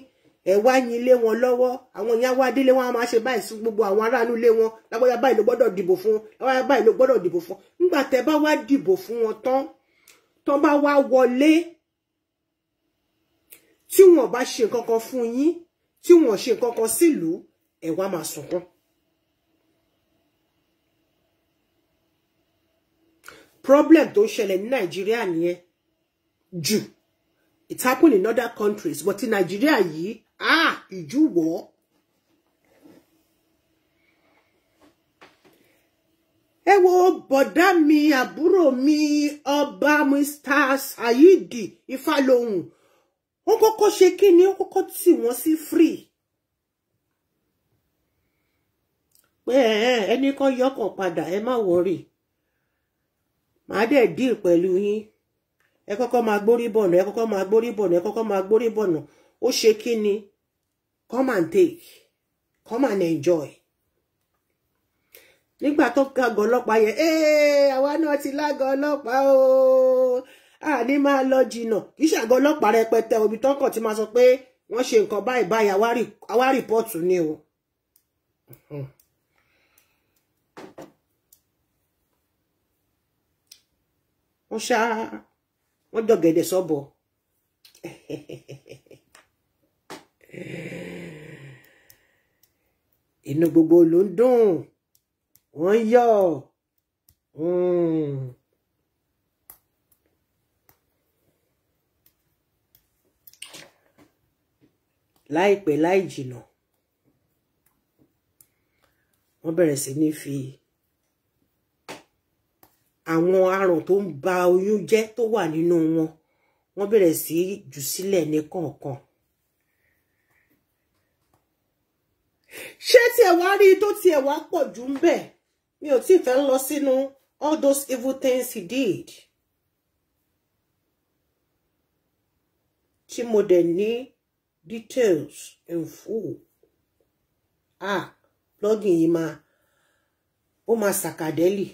Speaker 1: ẹ wá yin ilé wọn lọ́wọ́ àwọn yẹn wá délé wọn á máa ṣe báyìí sí gbogbo àwọn aráàlú ilé wọn lágbájá báyìí ló gbọ́dọ̀ dìbò fún lágbájá báyìí ló gbọ́dọ̀ dìbò fún nígbà tẹ́ bá wá dìbò fún wọn tán tán bá wá wọlé tí wọn bá ṣe nǹkan kan fún yín tí wọn ṣe nǹkan kan sílùú ẹ wá máa sunkún. problem tó ń ṣẹlẹ̀ Nigeria? nàìjíríà nìyẹn jù it happen in other countries but in Nigeria, yìí ah ìjú wọ̀ Ewo ẹ wo mi àbúrò mi ọba mr saheed ifálohùn ó kọ́kọ́ ṣe kí ni ó kọ́kọ́ tì wọ́n free pé ẹni kọ́ yọkàn padà ẹ má wọrí màá dẹ̀ díì pẹ̀lú yín ẹ kọ́kọ́ máa gbórí bọ̀nà ẹ kọ́kọ́ máa gbórí bọ̀nà ẹ kọ́kọ́ máa gbórí ó ṣe ni come and take come and enjoy nígbà tó kágọ ọlọ́pàá yẹn ee àwa náà ti lágọ ọlọ́pàá o àní máa lọ jìnnà kì í ṣàgọ rẹpẹtẹ ti máa sọ pé wọn ṣe nǹkan báyìí báyìí àwa ni o. wọ́n ṣá wọ́n dọ̀gẹ̀dẹ̀ sọ́bọ̀ inú gbogbo ló ń dùn wọ́n yọ̀ hmm. láìpẹ́ láì jìnnà wọ́n bẹ̀rẹ̀ sí ní fi àwọn àrùn tó ń ba oyún jẹ́ tó wà nínú wọn wọ́n bẹ̀rẹ̀ sí jù sílẹ̀ ní kọ̀ọ̀kan. ṣé tiẹ̀ wá rí tó tiẹ̀ wá pọ̀ jù ń bẹ̀ mi ò tí fẹ́ lọ sínú all those evil things he did. tí mo dẹ̀ ní details in full. ah blogging yìí máa ó máa ṣàkàdélì.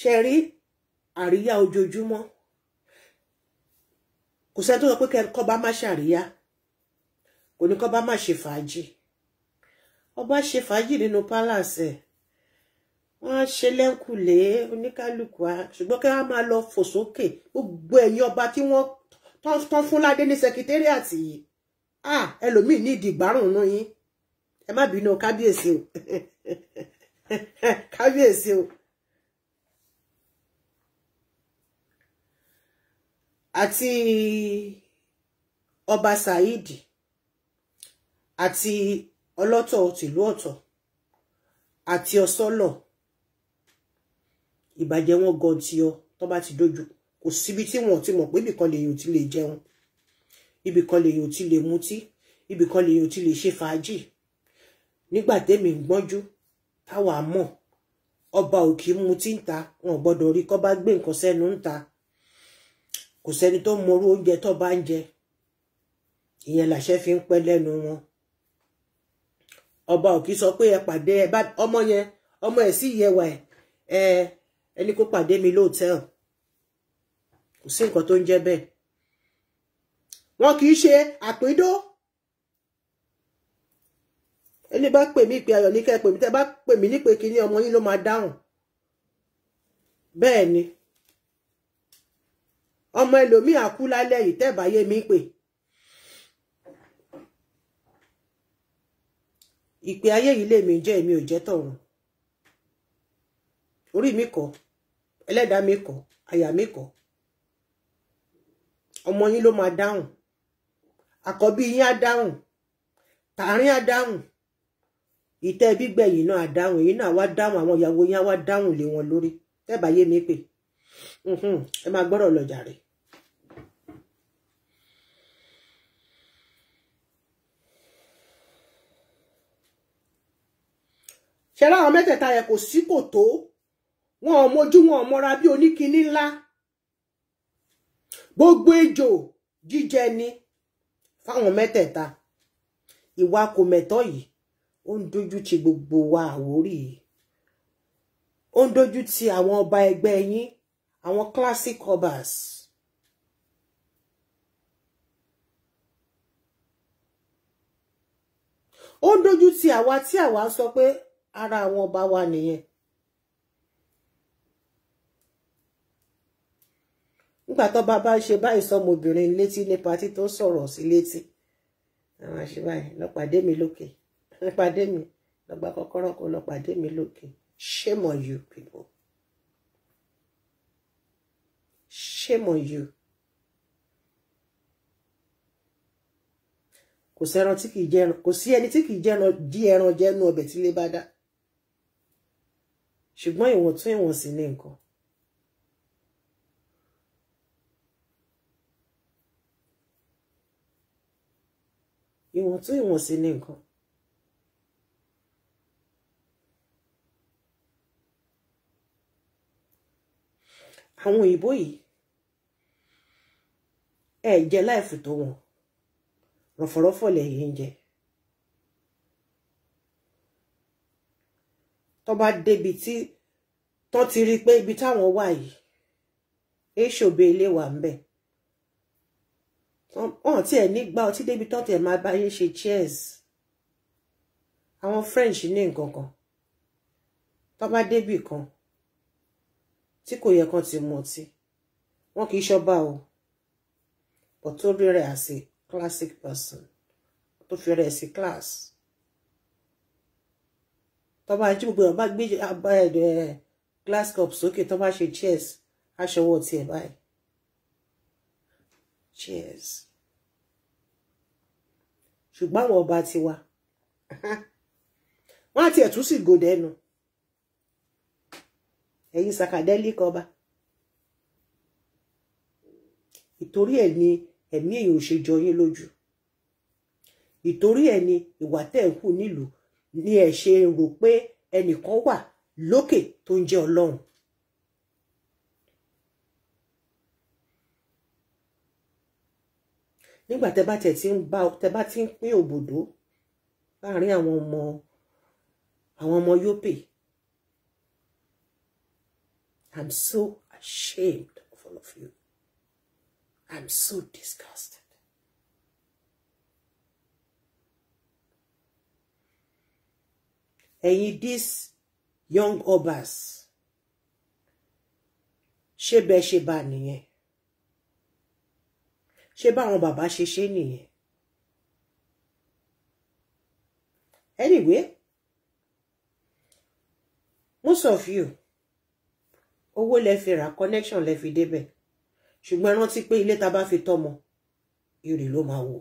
Speaker 1: ṣe rí àríyá ojoojúmọ́ kò sẹ́ni tó sọ pé kọ́ bá má ṣàríyá kò ní kọ́ bá má ṣe fàájì ọba ṣe fàájì nínú palace ẹ̀ wọ́n á ṣe lẹ́ńkùlé oníkálukú á ṣùgbọ́n kí wọ́n máa lọ fò sókè gbogbo ẹ̀yìn ọba tí wọ́n tán fún ládé ní sẹkítẹ́rìàtì yìí ah ẹlòmíì ní ìdìgbárùn nú yín ẹ má bínú kábíyèsí o kábíyèsí o àti ọba saheed àti ọlọ́tọ̀ tìlú ọ̀tọ̀ àti ọsọ́lọ̀ ìbàjẹ́ wọn gan ti ọ tó bá ti dojú kò síbi tí wọn ò ti mọ̀ pé ibìkan lèyìn ò ti lè jẹun ibìkan lèyìn ò ti lè mutí ibìkan lèyìn ò ti lè ṣe fàájì nígbà tẹ́mi ń gbọ́njú táwa mọ̀ ọba òkì mutí ń ta wọn ò gbọ́dọ̀ rí kọ́ bá gbé nǹkan sẹ́nu ń ta kò sẹ́ni tó mọrú oúnjẹ tó bá ń jẹ ìyẹn làṣẹ fi ń pẹ́ lẹ́nu wọn ọba òkì sọ pé ẹ pàdé ẹ bá ọmọ yẹn ọmọ ẹ sì yẹwà ẹ ẹni kó pàdé mi lóòtẹ́ẹ̀lì kò sí nǹkan tó ń jẹ́ bẹ́ẹ̀ wọn kì í ṣe àpédó ẹni bá pè mí ìpè ayọ̀ ní kẹ́ pè mí tẹ́ bá pè mí nípe kíní ọmọ yín ló máa dáhùn bẹ́ẹ̀ ni ọmọ ẹlòmíì àkú lálẹ́ yìí tẹ́bàáyé mi pè ìpè ayé yìí lèmi jẹ́ èmi ò jẹ́ tọ̀run orí mi kọ́ ẹlẹ́dàá mi kọ́ àyà mi kọ́ ọmọ yín ló máa dáhùn àkọ́bí yín á dáhùn tààrin á dáhùn ìtẹ́ gbígbẹ̀yìn náà á dáhùn èyí náà wá dáhùn àwọn ìyàwó yín á wá dáhùn lé wọn lórí tẹ́bàáyé mi pè ẹ máa gbọ́rọ̀ lọ jàre. ṣe láwọn mẹ́tẹ̀ẹ̀ta yẹn kò sí kò tó wọn ò mojú wọn ò mọra bí oníkiní ńlá gbogbo ejò jíjẹ ni fáwọn mẹ́tẹ̀ẹ̀ta ìwà kò mẹ̀tọ́ yìí ó ń dojú ti gbogbo wa àwórì yìí ó ń dojú ti àwọn ọba ẹgbẹ́ yín àwọn classic obas. ó ń dojú ti àwa tí àwa sọ pé ara àwọn ọba wa nìyẹn nígbà tó bá bá ṣe báyìí sọmọ obìnrin létí nípa tí tó sọ̀rọ̀ sí létí àwọn àṣebáyìí lọpàdé mi lókè lọpàdé mi lọgbà kọ́kọ́rọ́ kó lọpàdé mi lókè shame on you people shame on you. kò sí ẹran tí kì í jẹ ẹran kò sí ẹni tí kì í jẹ ẹran dí ẹran jẹ ẹnu ọbẹ̀ tí ilé bá dá ṣùgbọ́n ìwọ̀ntún ìwọ̀nsì ní nǹkan ìwọ̀ntún ìwọ̀nsì ní nǹkan àwọn òyìnbó yìí ẹ jẹ láìfù tó wọn rọ̀fọ̀rọ̀fọ̀ lẹ́yìn ń jẹ. tó bá débi tí tó ti rí i pé ibi táwọn wà yìí èṣòbe ilé wà ń bẹ wọn tiẹ̀ nígbà ọtí débi tó tiẹ̀ máa báyé ṣe cheers àwọn French ní nǹkan kan tó bá débi kan tí kò yẹ kan ti mu ọtí wọn kì í ṣọba o but tó rí rẹ̀ as a classic person tó fi rẹ̀ sí class tó bá tí gbogbo ọba gbé glass cup sókè tó bá ṣe cheers aṣọwọ tiẹ̀ báyìí cheers ṣùgbọ́n àwọn ọba tiwa wọ́n á tiẹ̀ tún sì gòdè ẹnu ẹ̀yin sakadẹ́lík ọba ìtorí ẹ̀ ni ẹ̀mí èèyàn ò ṣe jọ yín lójú ìtorí ẹ̀ ni ìwà tẹ̀ ń kù nílùú ni ẹ ṣe rò pé ẹnìkan wà lókè tó ń jẹ́ Ọlọ́run. nígbà tẹ bá tẹ ti ń bá tẹ bá ti ń pín òbòdó láàrin àwọn ọmọ àwọn ọmọ yópè I'm so ashamed of all of you. I'm so disgusted. And ẹ̀yin this young obas ṣé sheba niye sheba on baba báwọn bàbá anyway most of you owó lẹ fi ra connection lẹ fi débẹ̀ ṣùgbọ́n rántí pé ilé ta bá fi tọ́mọ ìrì ló máa wò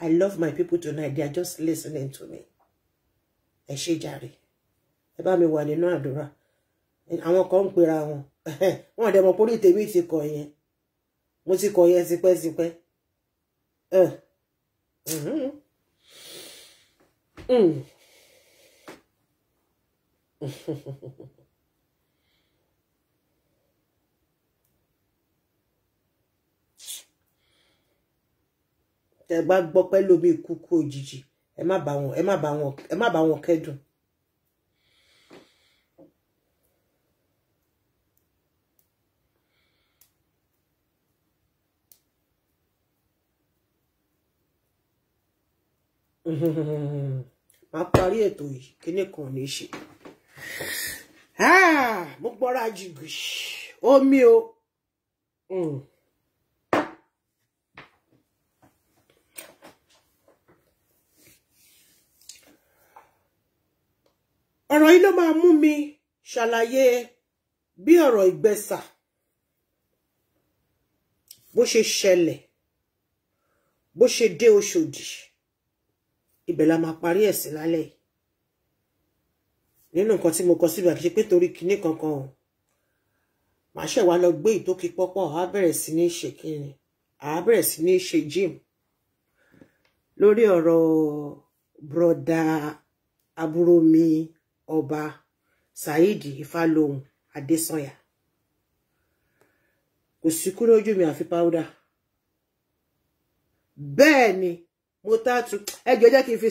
Speaker 1: I love my people tonight they are just listening to me ẹ ṣe jàre ẹ bá mi wà nínú àdúrà àwọn kan ń pera wọn wọn dẹ̀ mọ̀ pórí tèmi ti kọ̀ yẹn mo ti kọ̀ yẹn tipẹ́tipẹ́ mm-hmm. mm. tẹ́ bá gbọ́ pẹ́ lómi ikú òjijì ẹ má bá wọn ẹ má bá wọn ẹ má bá wọn kẹ́dùn. máa parí ètò yìí kíní kan ní í ṣe ah, mo gbọ́ra jìgì omi o. Mm. ọ̀rọ̀ yìí ló máa mú mi ṣàlàyé bí ọ̀rọ̀ ìgbẹ̀sà bó ṣe ṣẹlẹ̀ bó ṣe dé Ọ̀ṣọ́dì ibẹ̀ la máa parí ẹ̀ lálẹ́ yìí nínú nǹkan tí mo kọ síbi àti ṣe pé torí kinní kankan o màá ṣẹ̀ wá lọ gbé ìtókì pọ́pọ́ àá bẹ̀rẹ̀ sí ní ṣe kíni àá bẹ̀rẹ̀ sí ní ṣe gym lórí ọ̀rọ̀ broda àbúrò mi ọba saheed ifálohùn adésànyà kò síkú lójú mi afi powder bẹ́ẹ̀ ni mo tààtù ẹjọ́ jẹ́ kí n fi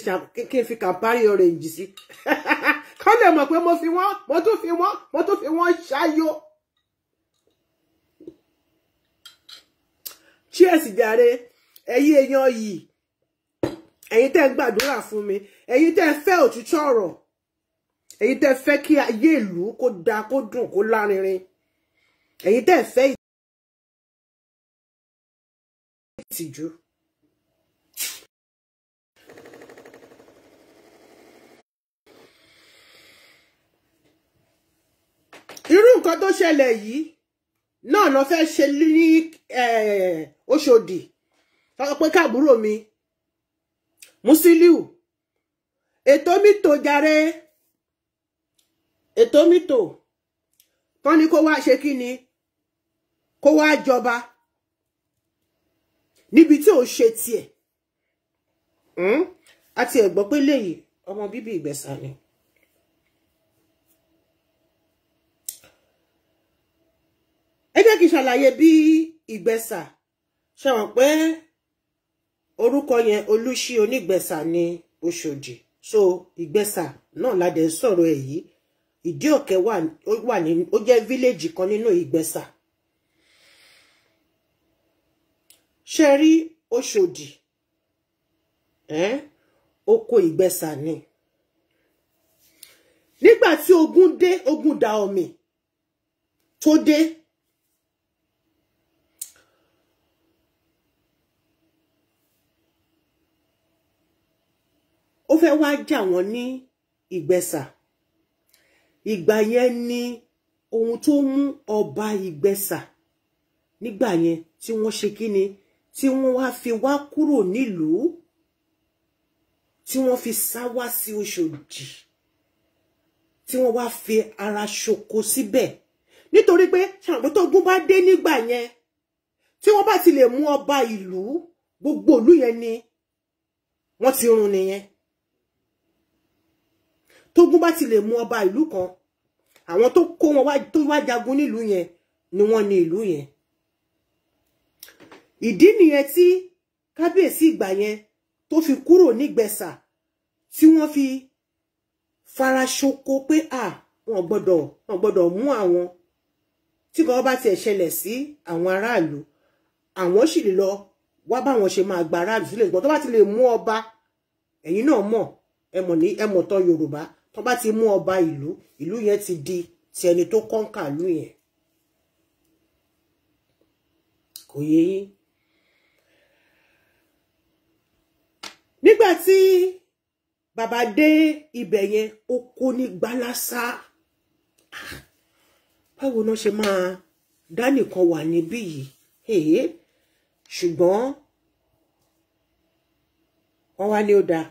Speaker 1: kí fi Campari orange sí kọ́ lè mọ̀ pé mo fi wọ́n mo tún fi wọ́n mo tún fi wọ́n ṣáyó. cheers jàre ẹ̀yin èèyàn yìí ẹ̀yin tẹ́ ń gbàdúrà fún mi ẹ̀yin tẹ́ ń fẹ́ òtítọ́ èyí tẹ́ fẹ́ kí ayé ìlú kó da kó dùn kó lárinrin èyí tẹ́ fẹ́ ìtìjú. irú nǹkan tó ṣẹlẹ̀ yìí náà lọ fẹ́ ṣe ní Ọ̀ṣọ́dì sọ pé káàbúrò mi Musiliu ètò mi tó jàre ètò mítò tán ni kó wá ṣe kí ni kó wá jọba níbi tí ò ṣe tiẹ̀ àti hmm? ẹ gbọ́ pé léyìí ọmọ bíbí Ìgbẹ̀sà ni. ẹ jẹ́ kí n ṣàlàyé bí Ìgbẹ̀sà ṣàwọn pé orúkọ yẹn Olúṣí Onígbẹ̀sà ní Òṣòdì so Ìgbẹ̀sà náà ládẹ sọ̀rọ̀ ẹ̀ yìí Ìdíòkè wà ní ó jẹ́ fíléèjì kan nínú Ìgbẹ̀sà ṣe rí Ọ̀ṣọ́dì oko Ìgbẹ̀sà ni nígbà tí ogun dé ogun da omi tó dé ó fẹ́ wá jà wọ́n ní Ìgbẹ̀sà ìgbà yẹn ni ohun tó mú ọba ìgbẹ̀sà nígbà yẹn tí wọ́n ṣe kí ni tí wọ́n wá fi wá kúrò nílùú tí wọ́n fi sá wá sí Ọ̀ṣọ́dì tí wọ́n wá fi ara ṣoko síbẹ̀ nítorí pé ṣàǹgbótógún bá dé nígbà yẹn tí wọ́n bá ti lè mú ọba ìlú gbogbo ìlú yẹn ni wọ́n ti run nìyẹn tógun ba ti lè mú ọba ìlú kan àwọn tó kó wọn wá tó wá jagun nílùú yẹn ni wọ́n ní ìlú yẹn ìdí nìyẹn tí kábíyèsí ìgbà yẹn tó fi kúrò nígbẹ̀sà tí wọ́n fi faraṣoko pé à wọ́n gbọ́dọ̀ wọ́n gbọ́dọ̀ mú àwọn tí kò bá tiẹ̀ ṣẹlẹ̀ sí àwọn aráàlú àwọn sì lè lọ wá báwọn ṣe máa gba aráàlú sílẹ̀ ṣùgbọ́n tó bá ti le mú ọba ẹ̀yin náà mọ̀ ẹ mọ̀ ní ẹ mọ̀ tán Yorùbá tó bá ti mú ọba ìlú ìlú yẹn ti di ti ẹni tó kọ́ńkà ìlú yẹn kò yé yín nígbà tí bàbá dé ibẹ̀ yẹn ó kó ní gbálásá ah! báwo náà ṣe máa dá nìkan wà níbí yìí ṣùgbọ́n wọ́n wá ní ó dáa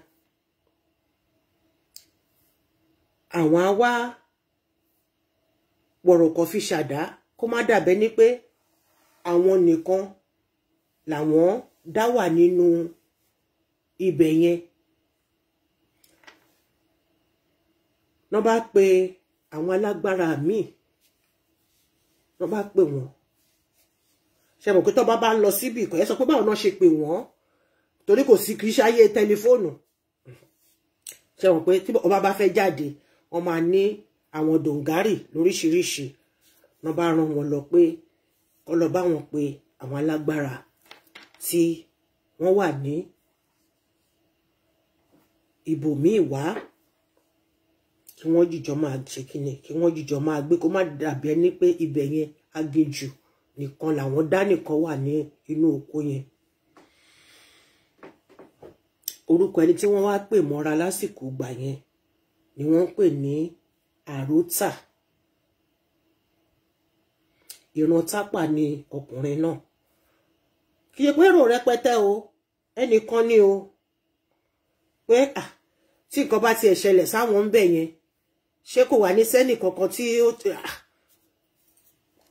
Speaker 1: àwọn á wá wọ̀rọ̀kọ̀ fi ṣàdá kó má dàbẹ́ ní pé àwọn nìkan làwọn dá wà nínú ibẹ̀ yẹn. wọ́n bá pe àwọn alágbára míì wọ́n bá pè wọ́n ṣe mọ̀ pé tọ́ba bá ń lọ síbi ìkọ̀ yẹn sọ pé báwọn náà ṣe pè wọ́n torí kò sí kì í ṣe ayé tẹlifóònù ṣe mọ̀ pé tí ọba bá fẹ́ jáde wọ́n máa ní àwọn dòǹgárì lóríṣiríṣi wọ́n bá rán wọn lọ pé kọ́ lọ bá wọn pé àwọn alágbára tí wọ́n wà ní ibòmíì wá kí wọ́n jìjọ máa ṣe kíni kí wọ́n jìjọ máa gbé kó má dàbí ẹni pé ibẹ̀ yẹn agejù nìkan làwọn dá wà ní inú oko yẹn orúkọ ẹni tí wọ́n wá pè mọ́ra lásìkò gbà yẹn ni wọ́n pè ní àròtà ìran tápà ni ọkùnrin náà kì í pé èrò rẹpẹtẹ o ẹnìkan ni o pé à tí nǹkan bá tiẹ̀ ṣẹlẹ̀ sáwọn ń bẹ̀ yẹn ṣé kò wà ní sẹ́nì kankan tí ó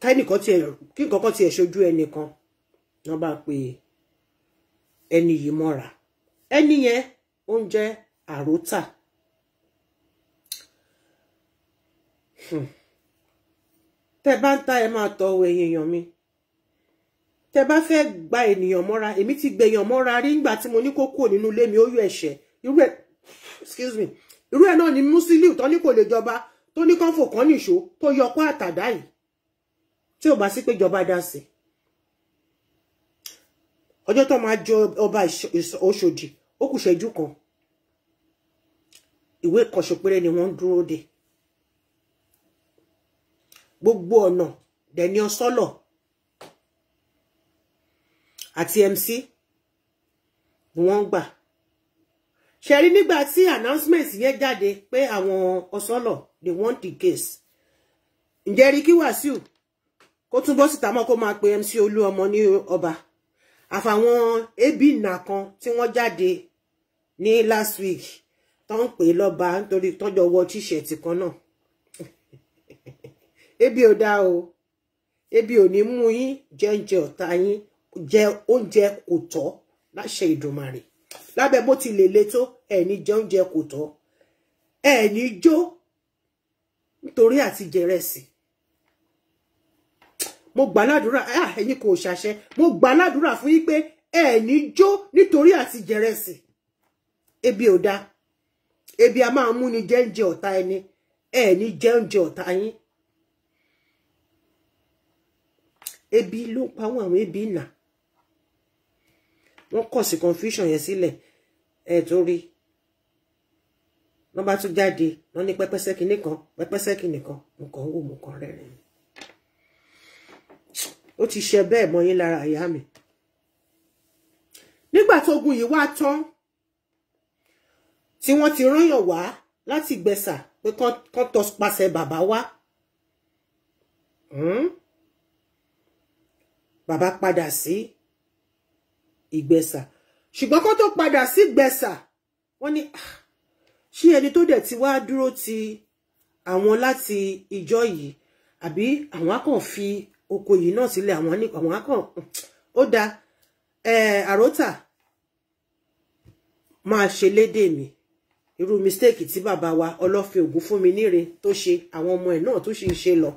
Speaker 1: kẹ́nìkan tiẹ̀ kí nǹkan kan tiẹ̀ ṣojú ẹnìkan wọ́n bá pe ẹni yìí mọ́ra ẹni yẹn ó ń Hmm. tẹ bá ń ta ẹ máa tọ ọ ẹ̀yin èèyàn mi tẹ bá fẹ́ gba ènìyàn mọ́ra èmi ti gbèyàn mọ́ra rí nígbà tí mo ní kó kúrò nínú ilé mi ó yọ ẹ̀ṣẹ̀ irú ẹ̀ excuse me irú ẹ̀ náà ni Musiliu tó ní kò lè jọba tó ní kánfò kan nìṣó tó yọ ọpá àtàdá yìí tí ò bá sí pé jọba dá sí ọjọ́ tó máa jọ ọba Ọ̀ṣọ́dì ó kù ṣẹ́jú kan ìwé kọ̀ṣọ̀pẹ́rẹ́ ni wọ́n dúró de gbogbo ọ̀nà dẹni ọsọ́lọ̀ àti MC ni wọ́n ń gbà ṣe rí nígbà tí announcement yẹn jáde pé àwọn ọsọ́lọ̀ they want the case ǹjẹ́ rí kí Wàsíù kó tún bọ́ síta mọ́ kó máa pe MC Olúọmọ ní ọba àfàwọn ẹbí nà kan tí wọ́n jáde ní last week tó ń pè lọ́ba nítorí tọ́jọ́ wọ tíṣẹ̀tì kan náà ebi ò dá o ebi ò ní mú yín jẹ oúnjẹ ọ̀tá yín jẹ oúnjẹ kò tọ́ láṣẹ ìdùnmàrè lábẹ́ bó ti lè le tó ẹ̀ ní jẹ oúnjẹ kò tọ́ ẹ̀ ní jó nítorí àti jẹrẹsì mo gbà ládùúrà ẹ̀yin kò ṣàṣẹ mo gbà ládùúrà fún yín pé ẹ ní jó nítorí àti jẹrẹsì ebi ò da ebi a máa mú ni jẹ oúnjẹ ọ̀tá ẹni ẹ ní jẹ oúnjẹ ọ̀tá yín ebi ló pa wọn àwọn ebi nà wọn kọ sí confusion yẹn sílẹ̀ ẹ torí wọn bá tún jáde wọn ní pẹpẹsẹ kinní kan pẹpẹsẹ kinní kan nǹkan wò mú kan rẹrìn ó ti ṣe bẹ́ẹ̀ mọ́ yín lára ìyá mi nígbà tógun yìí wá tán tí wọ́n ti rányàn wá láti gbẹ̀sà pé kán tọpasẹ̀ bàbá wá. hmm Baba padà sí ìgbẹ̀sà ṣùgbọ́n kó tó padà sí ìgbẹ̀sà wọ́n ní ah, ṣé ẹni tó dẹ̀ ti wá dúró ti àwọn láti ìjọ yìí àbí àwọn akàn fi oko yìí náà sílẹ̀ àwọn àwọn akàn ó da àròtà máa ṣe lédè mi irú mistake ti bàbá wa ọlọ́fin ògún fún mi níre tó ṣe àwọn ọmọ ẹ̀ náà tó ṣì ṣe lọ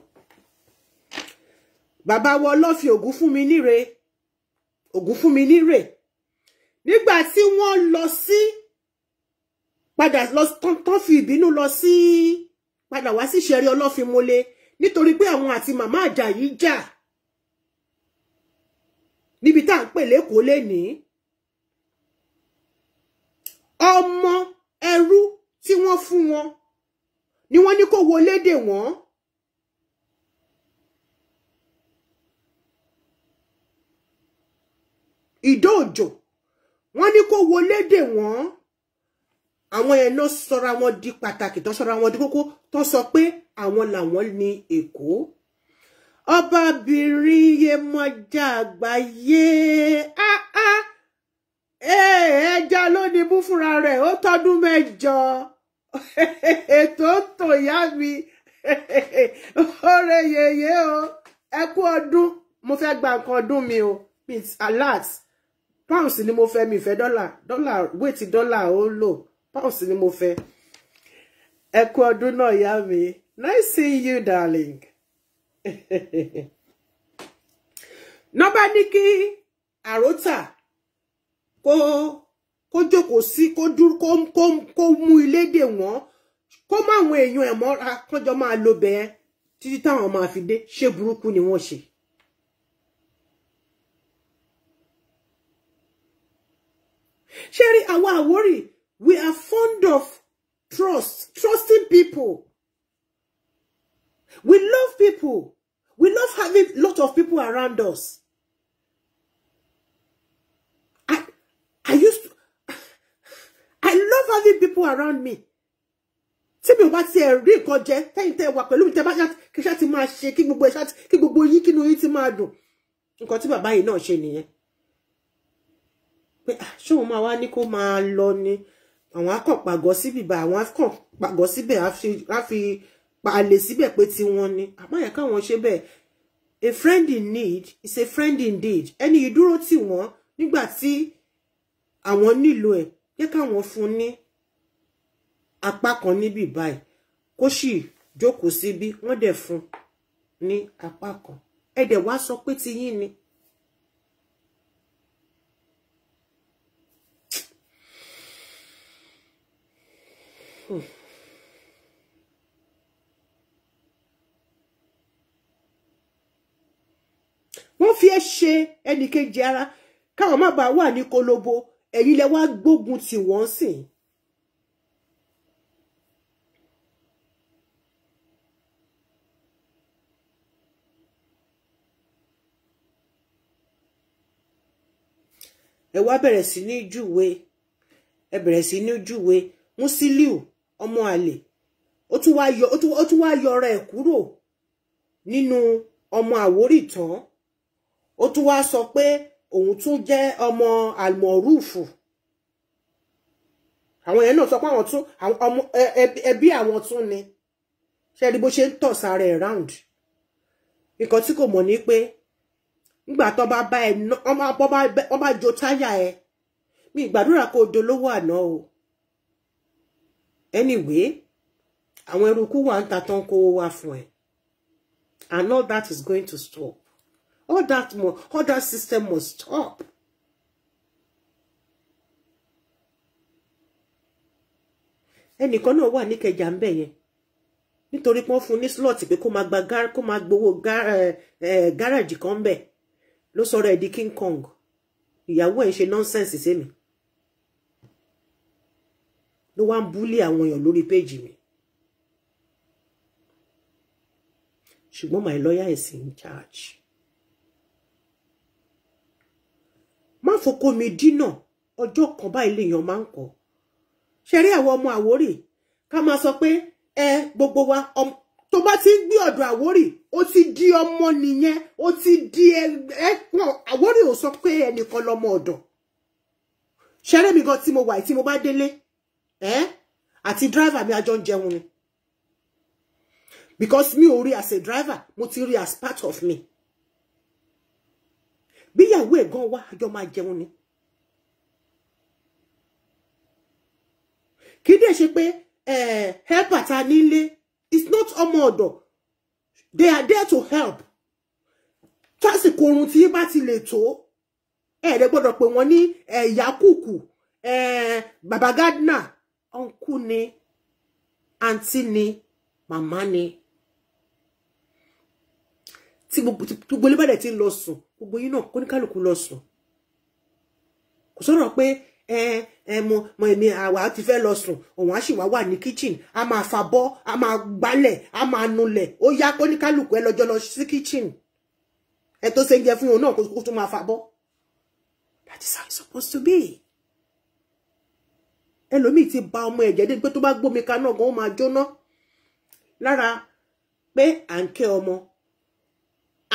Speaker 1: bàbá wa ọlọ́fin ògún fún mi níre ògún fún mi níre nígbà tí wọ́n lọ sí padà lọ tán fi ìbínú lọ sí padà wá sí ìṣẹ̀rí ọlọ́fin mọ́lé nítorí pé àwọn àti màmá Àjàyí jà níbi tá à ń pè lẹ́kọ̀ọ́ lénìí ọmọ ẹrú tí wọ́n fún wọn ni wọ́n ní kó wọlé dè wọ́n ìdó òjò wọ́n ní kó wọlé dè wọ́n àwọn yẹn ló sọra wọn di pàtàkì tó sọra wọn di kókó tó sọ pé àwọn làwọn ní èkó ọbabìnrin Yemọja àgbáyé ẹja ló ní bú fúnra rẹ̀ ó tọdún mẹ́jọ ètò tò yá mi ọ̀rẹ́ yèyé o ẹ kú ọdún mo fẹ́ gba nǹkan ọdún mi o miss alert pounds ni mo fẹ́ mi fẹ́ dọ́là dọ́là weight dọ́là ó lò pounds ni mo fẹ́ ẹ kú ọdún náà ìyá mi nice seeing you darling nọ́bà ní kí Ko kó kó jókòó sí kó ko ko kó kó mú ilé dè wọ́n kó má àwọn èèyàn ẹ̀ mọ́ra kánjọ máa lo bẹ́ẹ̀ títí táwọn máa fi dé ṣé burúkú ni wọ́n ṣe. Sherry, rí àwa Àwórì we are fond of trust trusting people we love people we love having lot of people around us I I used to I love having people around me tí mi ò bá ti ẹ̀ rí nǹkan jẹ tẹ́yìn tẹ́ wà pẹ̀lú mi tẹ́ bá kí ṣá ti máa ṣe kí gbogbo yín kínú yín ti máa dùn nǹkan tí bàbá yìí náà ṣe nìyẹn pé ah, ṣé òun máa wá ní kó máa lọ ni àwọn akàn pàgọ́ síbì bá àwọn akàn pàgọ́ síbẹ̀ á fi palẹ̀ síbẹ̀ pé tiwọn ni àmọ́ yẹ káwọn ṣe bẹ́ẹ̀ a friend in need is a friend indeed ẹni ìdúró tì wọ́n nígbà tí àwọn nílò ẹ̀ yẹ káwọn fún ní apá kan níbì báyìí kó sì jókòó síbí wọ́n dẹ̀ fún ní apá kan ẹ dẹ̀ wá sọ pé tiyín ni. Mm. wọ́n fi ẹ́ ṣe ẹnìkejì ara káwọn má bàa wà ní kolobo ẹ̀yin lẹ wá gbógun tì wọ́n sìn. ẹ wá bẹ̀rẹ̀ sí ní júwe ẹ bẹ̀rẹ̀ sí ní júwe Musiliu ọmọ àlè ó tún wá yọ ó tún wá yọra ẹ̀ kúrò nínú ọmọ àwórì tán ó tún wá sọ pé òun tún jẹ́ ọmọ àlmọ̀rúfù àwọn yẹn náà sọ pé àwọn tún ọmọ ẹbí àwọn tún ni ṣe rí bó ṣe ń tọ̀ sára ẹ̀ round nǹkan tí kò mọ̀ ní pé nígbà tó bá bá ẹ ọmọ abọ́ bá jo táyà ẹ mi ìgbàdúrà kó dolówó àná o anyway àwọn eruku wà ń ta tán kówó wá fún ẹ and all that is going to stop all that all that system must stop. ẹnìkan náà wà ní kẹjà ń bẹ yẹn nítorí pé wọ́n fún ní slot pé kó máa gba kó máa gbowó gáràjì kan bẹ ló sọ̀rọ̀ ẹ̀ di King Kong ìyàwó ẹ̀ ń ṣe nọ́ńsẹ̀nsì sí mi ló wá bully búlé àwọn èèyàn lórí péjì mi ṣùgbọ́n my lawyer is in charge má foko mi dínà ọjọ́ kan báyìí lèèyàn máa ń kọ́ ṣe rí àwọn ọmọ àwórì ká máa sọ pé gbogbo wa tó bá ti ń gbé ọ̀dọ̀ àwórì ti di omo nìyẹn ó ti di ẹ wọn àwórì ò sọ pé ẹnìkan lọmọ ọ̀dọ̀ ṣeré mi gan tí mo wà tí mo bá délé eh àti driver mi a ń jẹun ni because mi ò as a driver mo ti rí as part of me bí yàwó ẹ̀ gan wá àjọ máa jẹun ni kí dẹ̀ ṣe pé eh helper ta nílé it's not ọmọ ọ̀dọ̀ they are there to help tásìkò oorun tí bá ti lè tó ẹ lè gbọ́dọ̀ pé wọ́n Eh, ìyá kùkù eh, bàbá gardner Uncle, ni àǹtí ni màmá ni tí gbogbo ilé bàdẹ̀ ti ń lọ sùn gbogbo yín náà kóníkálùkù lọ sùn kò sọ̀rọ̀ pé ẹ ẹ mo mo èmi àwa ti fẹ́ lọ sùn òun á sì wá wà ní kitchen a máa fa bọ́ a máa gbálẹ̀ a máa nulẹ̀ ó yá kóníkálùkù ẹ lọ́jọ́ lọ sí kitchen ẹ tó ṣe ń jẹ fún òun náà kó tó fa bọ́ that is how it's supposed to be ẹlòmíì ti ba ọmọ ẹ̀jẹ̀ dé pé tó bá gbómi kaná gan ó máa jóná lára pé à ń kẹ́ ọmọ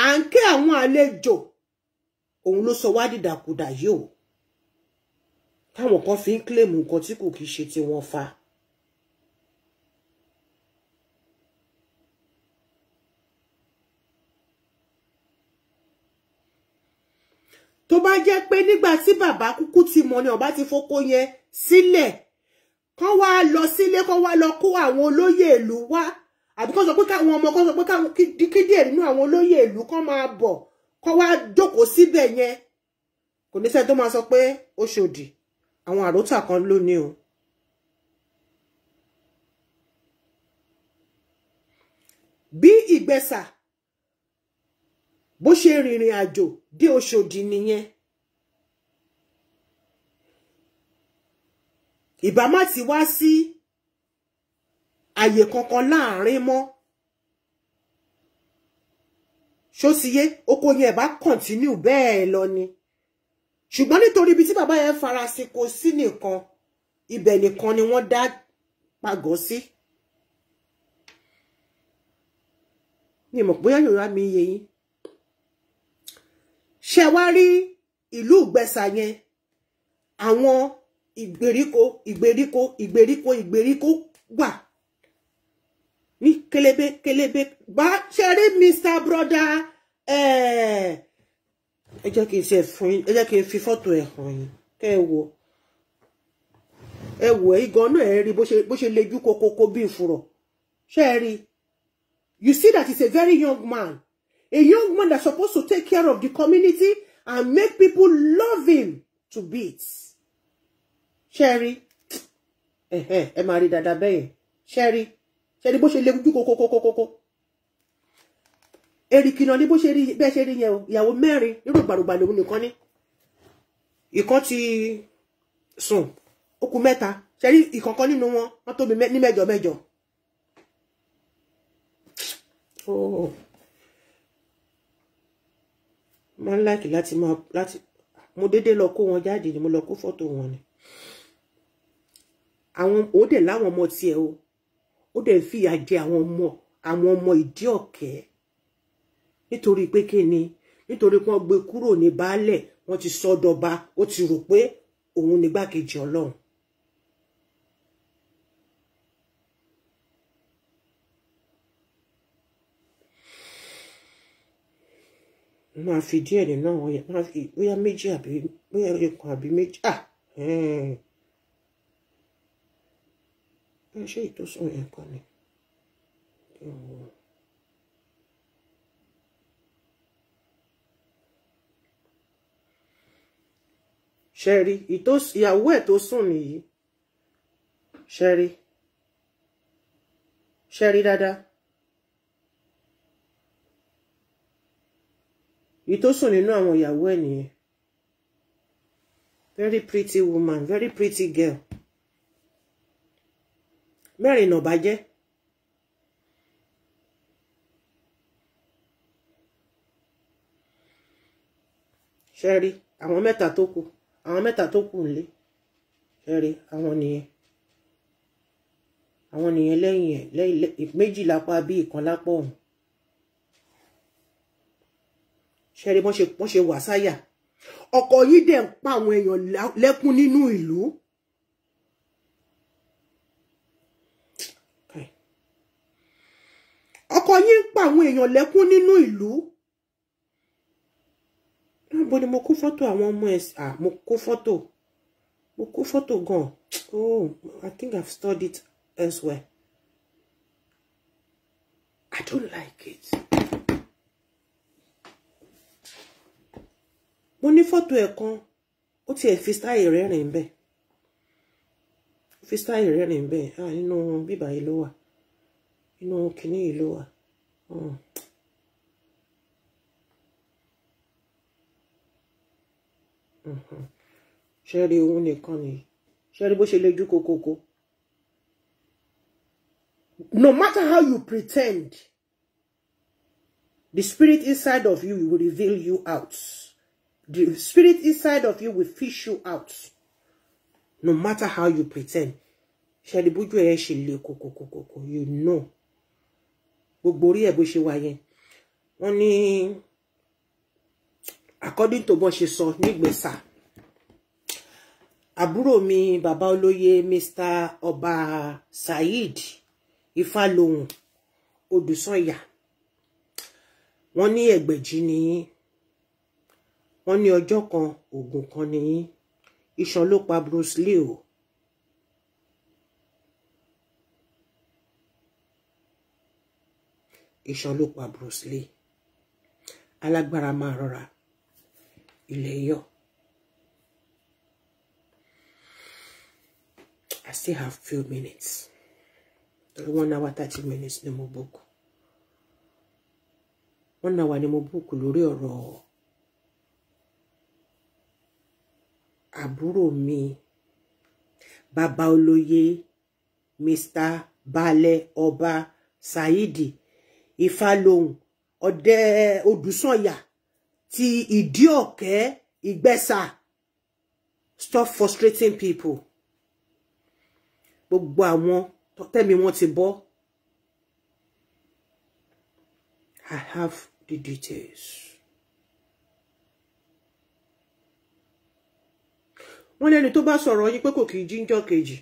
Speaker 1: à ń kẹ́ àwọn àlejò òun ló sọ wá dìdàkudà yìí o táwọn kan fi ń kílèmù nǹkan tí kò kì í ṣe tiwọn fa. tó bá jẹ́ pé nígbà tí bàbá kúkú ti mọ̀ ni ọba ti fọ́kọ yẹn sílẹ̀ kán wa lọ sílé kán wa lọ kó àwọn olóyè ìlú wá àbí kán sọ pé káwọn ọmọ kán sọ pé káwọn kídìẹ̀ nínú àwọn olóyè ìlú kán máa bọ̀ kán wá jókòó síbẹ̀ yẹn kò ní sẹ́ni tó máa sọ pé ó ṣòdì àwọn àròtà kan ló ní o. bí ìgbẹ́sà bó ṣe rìnrìn àjò dé Ọ̀ṣọ́dì nìyẹn ìbá má ti wá sí àyè kankan láàrin mọ́ ṣóṣiyé oko yẹn bá kọ̀ntínú bẹ́ẹ̀ lọ ni ṣùgbọ́n nítorí ibi tí bàbá yẹn farasí kò sí nìkan ibẹ̀ nìkan ni wọ́n dá pagọ́ sí. ni mọ̀ bóyá yòrá mi yé yín ṣe wá rí ìlú ìgbẹ́sà yẹn ìgbèríko ìgbèríko ìgbèríko ìgbèríko wà ní kelebe kelebe bá ṣe rí mr brother eh, ẹ jẹ́ kí n ṣe fún yín ẹ jẹ́ kí n fi fọ́tò ẹ̀ hàn yín kẹ́ ẹ wò ẹ wò ẹ igan náà ẹ rí bó ṣe lejú kokoko bí ìfurọ̀ ṣe ẹ rí you see that he's a very young man a young man that supposed to take care of the community and make people love him to bits. Sherry, ẹ̀hẹ́ eh, máa rí dáadáa bẹ́ẹ̀ yẹn ṣẹ́ẹ̀rí ṣẹ́ẹ̀rí bó ṣe lé ojú kókókókókó erikina ní bó ṣe rí bẹ́ẹ̀ ṣe rí yẹn o ìyàwó mẹ́rin nínú gbàrúgbà lòun nìkan ní ìkan ti sùn ó kù mẹ́ta ṣẹ́ẹ̀rí ìkọ̀ọ̀kan nínú wọn wọ́n tóbi ní mẹ́jọ mẹ́jọ. máa ń láìkì láti máa láti mo déédéé lọ kó wọn jáde ni mo lọ kó fọ́tò wọn ni àwọn ó dẹ̀ láwọn ọmọ tiẹ̀ o ó dẹ̀ fìyà jẹ àwọn ọmọ àwọn ọmọ ìdí ọ̀kẹ́ nítorí pé kí ni nítorí pé wọ́n gbé kúrò ní baálẹ̀ wọ́n ti sọ́dọ̀ba ó ti rò pé òun ni gbákejì ọlọ́run. máa fi díẹ̀ nínú àwọn yẹn máa fi bóyá méjì àbí bóyá ẹ̀kan àbí méjì ah. Hmm ẹ ṣé èyí tó sùn yẹn kọ́ ni kí n wò ó. ṣẹ́rí ìyàwó ẹ̀ tó sùn nìyí ṣẹ́rí ṣẹ́rí dáadáa èyí nínú àwọn ìyàwó ẹ̀ nìyẹn very pretty woman very pretty girl mẹ́rin nà bàjẹ́ ṣẹ́rí àwọn mẹ́ta tó kù àwọn mẹ́ta tó kù ńlé ṣẹ́rí àwọn nìyẹn àwọn nìyẹn lẹ́yìn ẹ̀ méjì lápá bí ìkan lápá ọ̀hún ṣẹ́rí wọ́n ṣe wà sáyà ọkọ̀ yìí dẹ̀ ń pa àwọn èèyàn lẹ́kún nínú ìlú. ọkọ yín ń pa àwọn èèyàn lẹ́kún nínú ìlú níbo ni mo kó fọ́tò àwọn ọmọ ẹ̀ à ah, mo kó fọ́tò mo kó fọ́tò gan oh I think I've stored it elsewhere I don't like it. mo ní fọ́tò ẹ̀ kan ó tiẹ̀ fi stáì rẹ́rìn bẹ́ẹ̀ fi stáì rẹ́rìn bẹ́ẹ̀ ah bíbá yìí ló wà inú kìnìún yìí ló wà ṣe rí òun nìkan nìyí ṣe rí bó ṣe lè ju kokoko no matter how you pretend the spirit inside of you will reveal you out the spirit inside of you will fish you out no matter how you pretend ṣe rí bójú ẹ ṣe lè kokokokoko you know gbogbo orí ẹ̀ bó ṣe wà yẹn wọ́n ní according to bọ́n ṣe sọ nígbèsà àbúrò mi bàbá olóyè mr ọba saheed ifálohùn odùsànyà wọ́n ní ẹgbẹ̀jì ni wọ́n ní ọjọ́ kan oògùn kan nìyí iṣan ló pa bruce lee o iṣan ló pa Bruce Lee alágbára máa rọra ilẹ̀ yọ. I still have few minutes. One hour thirty minutes ni mo búùkù. One hour ni mo búùkù lórí ọ̀rọ̀ àbúrò mi bàbá olóyè Mr. Baálẹ̀ Ọba Saidi ìfàlóhùn ọdẹ odùsànyà ti ìdíọkẹ ìgbẹsà stop frustrating people gbogbo àwọn tẹmí wọn ti bọ I have the details. wọ́n lẹ́ni tó bá sọ̀rọ̀ yín pé kò kì í jíjọ́ kejì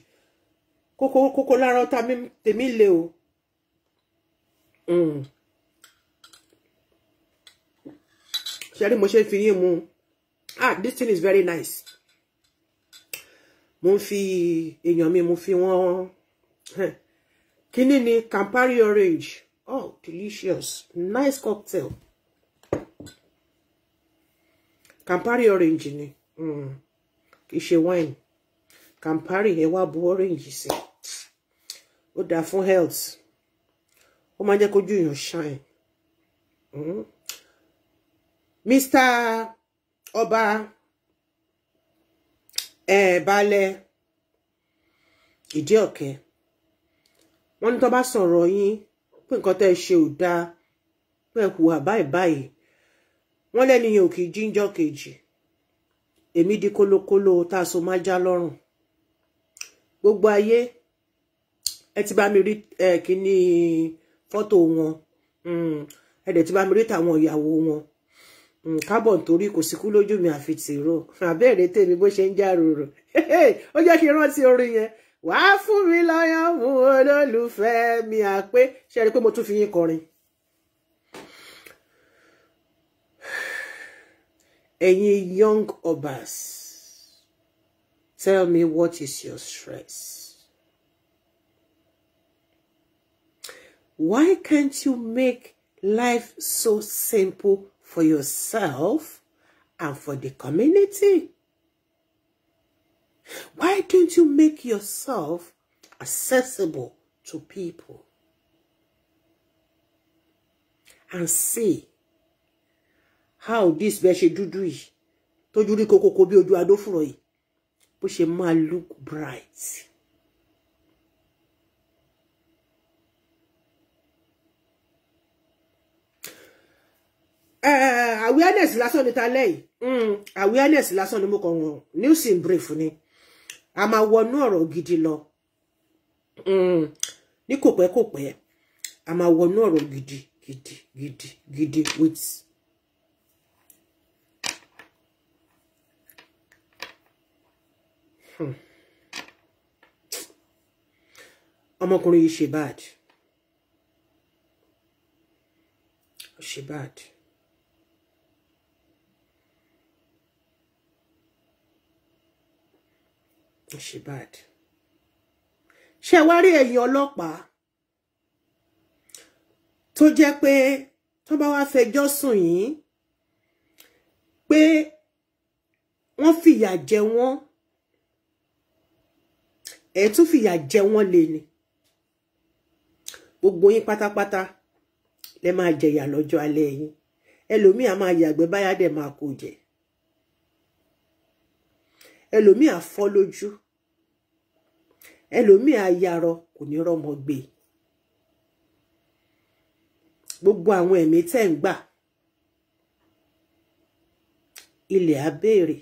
Speaker 1: kókó kókó lárọ́ tèmi lé o Mm. ṣe rí mo ṣe ń fi yín mu ah this thing is very nice mo fi èèyàn mi mo fi wọn kíní ni Campari orange oh delicious nice cocktail Campari orange ni mm. kì í ṣe wine Campari ẹ wá bu orange sí ó dáa fún health ó máa ń jẹ́ kójú èèyàn ṣàn Mr. Hmm. Ọba ẹ balẹ̀ ìdí ọ̀kẹ́ wọ́n ní tó bá sọ̀rọ̀ yín pé nǹkan tẹ́ ẹ ṣe ò dáa pé ẹ hùwà báyìí báyìí wọ́n lẹ́nu yẹn ò kì í jíjọ́ kejì èmi di kólókóló tá a so máa já lọ́rùn gbogbo ayé ẹ ti bá mi rí ẹ kí ni fọ́tò wọn hmm. ẹ̀dẹ̀ tí bá mi rí tàwọn ìyàwó wọn kábọ̀ hmm, nítorí kò síkú lójú mi àfi tìró àbẹ́rẹ́ tèmi bó ṣe ń járòrò ó jẹ́ kí n rántí orin yẹn wàá fún mi lọ́yàn mú olólùfẹ́ mi àpé ṣe rí i pé mo tún fi yín kọrin. ẹ̀yin young obas tell me what is your stress. Why can't you make life so simple for yourself and for the community? Why don't you make yourself accessible to people? And see how this bẹ́ẹ̀ do dúdú yìí tójú rí kókó bí ojú adó fúnra yìí bó ṣe look bright. Eh, eh, eh, awareness lásán ni ta lẹ́yìn mm. awareness lásán ní mo kàn wọ̀n news in brief ni a máa wọnú ọ̀rọ̀ gidi lọ mm. ní kò pẹ́ kò pẹ́ a máa wọnú ọ̀rọ̀ gidi gidi gidi gidi wait. Hmm. ọmọkùnrin yìí ṣe bad ṣe bad. ṣe bad ṣe wá rí ẹ̀yin ọlọ́pàá tó jẹ́ pé tó bá wá fẹjọ́ sùn yín pé wọ́n fìyà jẹ wọ́n ẹ tún fìyà jẹ wọ́n lé ni gbogbo yín pátápátá lẹ máa jẹyà lọ́jọ́ alẹ́ yín ẹlòmíì á máa yàgbẹ́ báyà dẹ̀ máa kó jẹ ẹlòmíì á fọ́ lójú ẹlòmíì á yarọ kò ní rọ́mọ gbé gbogbo àwọn ẹ̀mí tẹ́ ń gbà ilẹ̀ á béèrè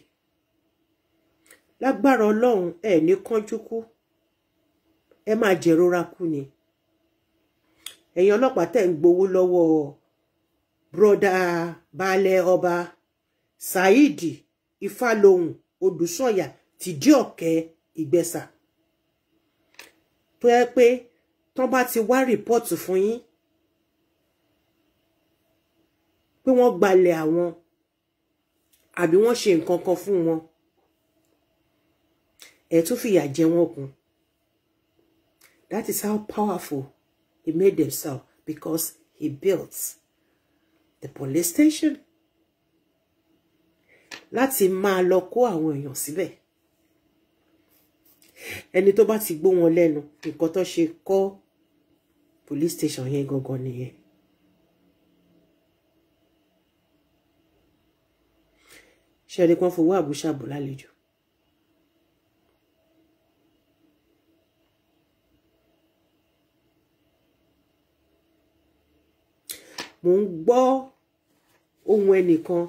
Speaker 1: lágbára Ọlọ́run ẹ ní kánjú kú ẹ máa jẹ̀rora kú ni ẹ̀yin ọlọ́pàá tẹ́ ń gbowó lọ́wọ́ broda baálé ọba Saheed Ifálohùn Odùsọ̀yà tìdí ọ̀kẹ́ ìgbẹ́sà tó yẹ pé tán bá ti wá rìpọ́ọ̀tù fún yín pé wọ́n gbalẹ̀ àwọn àbí wọ́n ṣe nǹkan kan fún wọn ẹ̀ tún fìyà jẹ wọ́n kún that is how powerful he made himself because he built the police station láti máa lọ kó àwọn èèyàn síbẹ̀ ẹni tó bá ti gbó wọn lẹ́nu nǹkan tó ṣe kọ́ police station yẹn gangan nìyẹn ṣẹ́ni kan fowó àbúṣàbù lálejò mo ń gbọ́ ohun ẹnìkan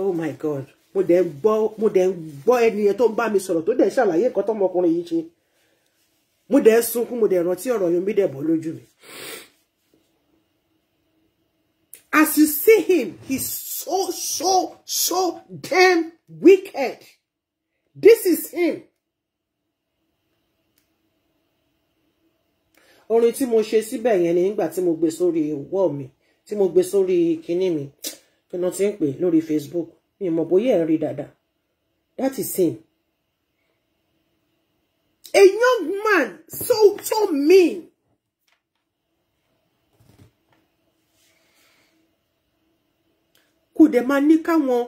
Speaker 1: oh my god mo dẹ̀ ń gbọ́ mo dẹ̀ tó ń bá mi sọ̀rọ̀ tó dẹ̀ ṣàlàyé nǹkan tọmọkùnrin yìí ṣe mo dẹ̀ ń sunkún mo dẹ̀ rántí ọ̀rọ̀ yomi dẹ̀ bọ́ lójú mi. As you see him, he's so, so, so damn wicked. This is him. orin tí mo ṣe síbẹ̀ yẹn ni nígbà tí mo gbé sórí wọ́ọ̀ mi tí mo gbé sórí kinní mi kí n ti ń pè lórí Facebook mi mọ̀ bóyá ẹ̀ ń rí that is sin. A young man so so mean. Could the man ní káwọn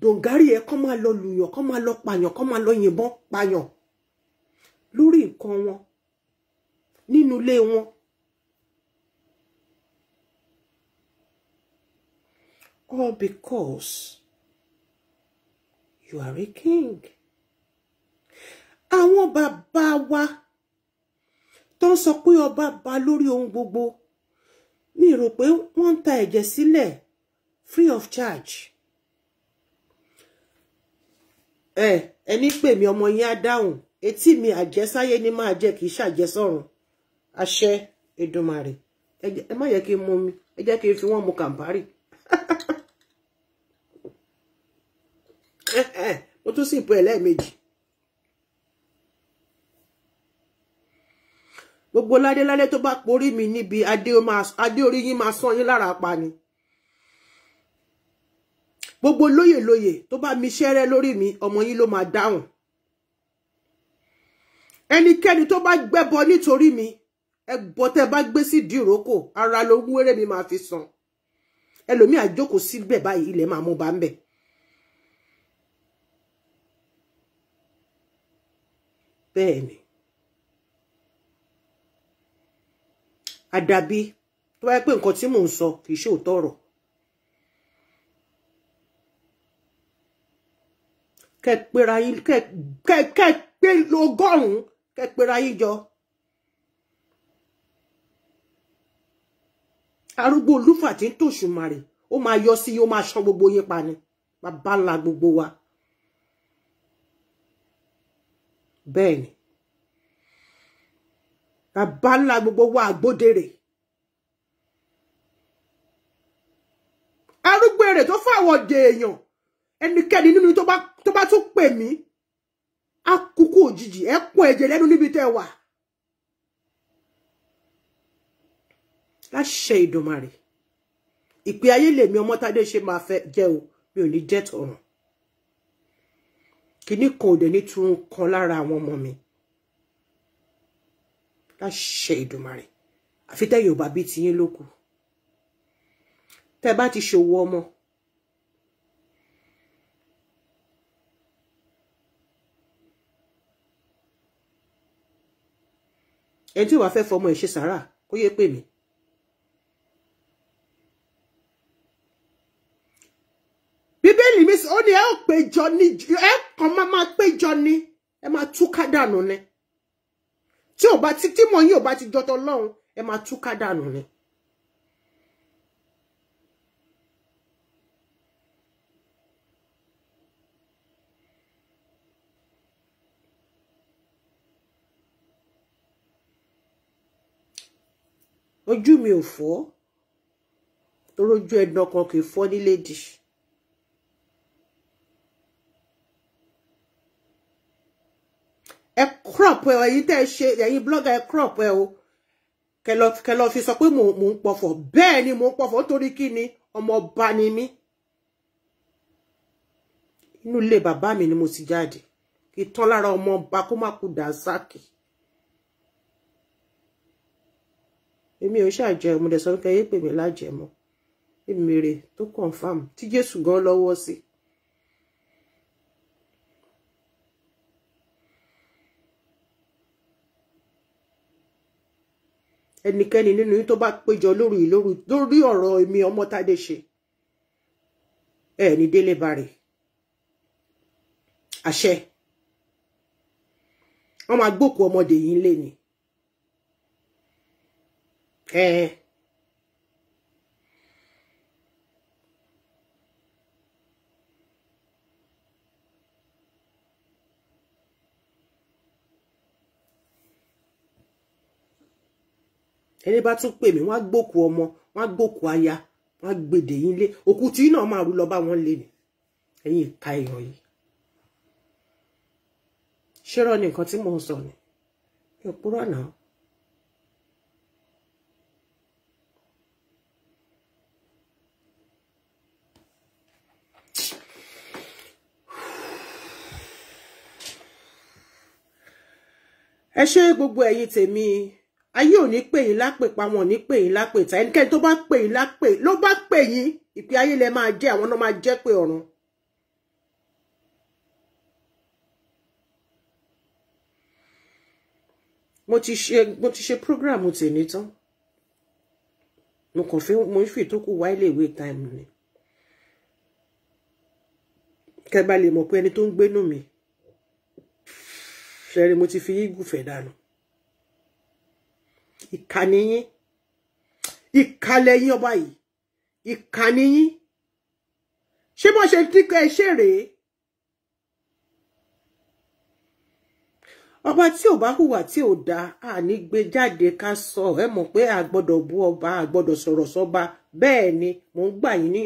Speaker 1: dòǹgárì ẹ̀ kọ́ máa lọ lùyàn kọ́ máa lọ pààyàn kọ́ máa lọ yìnbọn pààyàn lórí nǹkan wọn nínú ilé all because you are a king. Àwọn bàbá wa tó ń sọ pé ọba ba lórí ohun gbogbo mi rò pé wọ́n ń ta ẹ̀jẹ̀ sílẹ̀ free of charge. Ẹ ẹni pè mí ọmọ yín á dáhùn etí mi àjẹsáyé ni máa jẹ kì í ṣàjẹsọ̀run àṣẹ Èdùmàrè ẹ má yẹ kí n mú mi ẹ jẹ́ kí n fi wọ́n mu Campari. mo tún sì bọ ẹ lẹ́ẹ̀mejì gbogbo ládéládé tó bá porí mi níbi adé orí yín máa sán yín lára pa ni gbogbo lóyè lóyè tó bá mi ṣẹ́rẹ́ lórí mi ọmọ yín ló máa dáhùn ẹnikẹ́ni tó bá gbẹ́bọ nítorí mi ẹbọ tẹ́ ba gbé sí dìrókò ara ló wúrẹ́ mi ma fi san ẹlòmíà jókòó síbẹ̀ báyìí ilẹ̀ máa mú bá ń bẹ̀. bẹ́ẹ̀ ni àdàbí tó bá yẹ pé nǹkan tí mò ń sọ kì í ṣe òótọ́ ọ̀rọ̀ kẹ pé ọgọ́rùn-ún kẹ pera yín jọ arúgbó olúfà tí ń tòṣùmarè ó máa yọ sí yóò máa ṣan gbogbo yín pa ni bàbá ńlá gbogbo wa. bẹ́ẹ̀ ni bàbá ńlá gbogbo wa àgbódèrè arúgbó èrè tó fáwọn ọdẹ èèyàn ẹnikẹ́ni nínú tó bá tún pè mí akúkú òjijì ẹ pọ̀ ẹ̀jẹ̀ lẹ́nu níbi tẹ́ wà láṣẹ ìdùnmarè ìpè ayé lèmi ọmọ tádé ṣe máa fẹ́ jẹ́ o mi ò ní jẹ́ tọ̀run kíní kan ò dẹ̀ ní tún kan lára àwọn ọmọ mi láṣẹ ìdùmarè àfi tẹ́ yorùbá bíi tiyín lókù tẹ́ bá ti ṣòwò ọmọ ẹni tí ò bá fẹ́ fọmọ ẹ̀ ṣe sàárà kó yé pè bíbélì mi ó ní ẹ ò péjọ ní ẹ kàn máa máa péjọ ní ẹ máa túká dànù ni tí ò bá ti tí mọ̀ yín ò bá ti jọtọ lọ́hùn ẹ máa túká dànù ni. ojú mi ò fọ́ torójú ẹ̀dàn kan kì í fọ́ nílé dì ẹ crop ẹ ẹ̀yin tẹ́ ṣe ẹ̀yin blogger ẹ crop ẹ o kẹlọ kẹlọ fi sọ pé mò ń pọ̀fọ̀ bẹ́ẹ̀ ni mò ń pọ̀fọ̀ nítorí kí ni ọmọ ọba ni mí inú ilé bàbá mi ni mo ti jáde kí tán lára ọmọ ọba kó má kú dànsákì èmi ò ṣàjẹ mo dẹ̀ sọ pé ẹ yé pè mí lájẹmọ́ èmi rè tó confam tí Jésù gan lọ́wọ́ Si. ẹnikẹ́ni nínú yín tó bá péjọ lórí lórí lórí ọ̀rọ̀ èmi ọmọ Tádé ṣe ẹ ní délé bàrẹ̀ àṣẹ wọn máa gbókùú ọmọdé yìí lé ni ẹ. Eh. ẹni bá tún pè mí wọ́n á gbòkú ọmọ wọ́n á gbòkú aya wọ́n á gbèdè yín lé òkú tí náà máa rú lọ bá wọn lé ni ẹ̀yin ìka èèyàn yìí ṣẹ́rọ̀ ni nǹkan tí mò ń sọ ni mi ò purọ́ náà. ẹ ṣé gbogbo ẹ̀yin tèmi ayé ò ní pè yín lápè pa wọn ò ní pè yín lápè ta ẹnikẹ́ni tó bá pè yín lápè ló bá pè yín ìpè ayé lẹ máa jẹ́ àwọn náà máa jẹ́ pé ọ̀run. mo ti ṣe mo ti ṣe program tèmi tán mo kàn fi mo ń fi ìtókù wá ilé ìwé time ni kẹ́ bá lè mọ̀ pé ẹni tó ń gbénú mi ṣẹrí mo ti fi yígùfẹ dànù ìkà ni yín ìkà lẹ́yìn ọba yìí ìkà ni yín ṣé bó ṣe dínkà ẹ ṣe rèé ọba tí ò bá hùwà tí ò dá a ní gbé jáde ká sọ ẹ mọ̀ pé a gbọ́dọ̀ bú ọba a gbọ́dọ̀ sọ̀rọ̀ sọ́ba bẹ́ẹ̀ ni mò ń gbà yín ni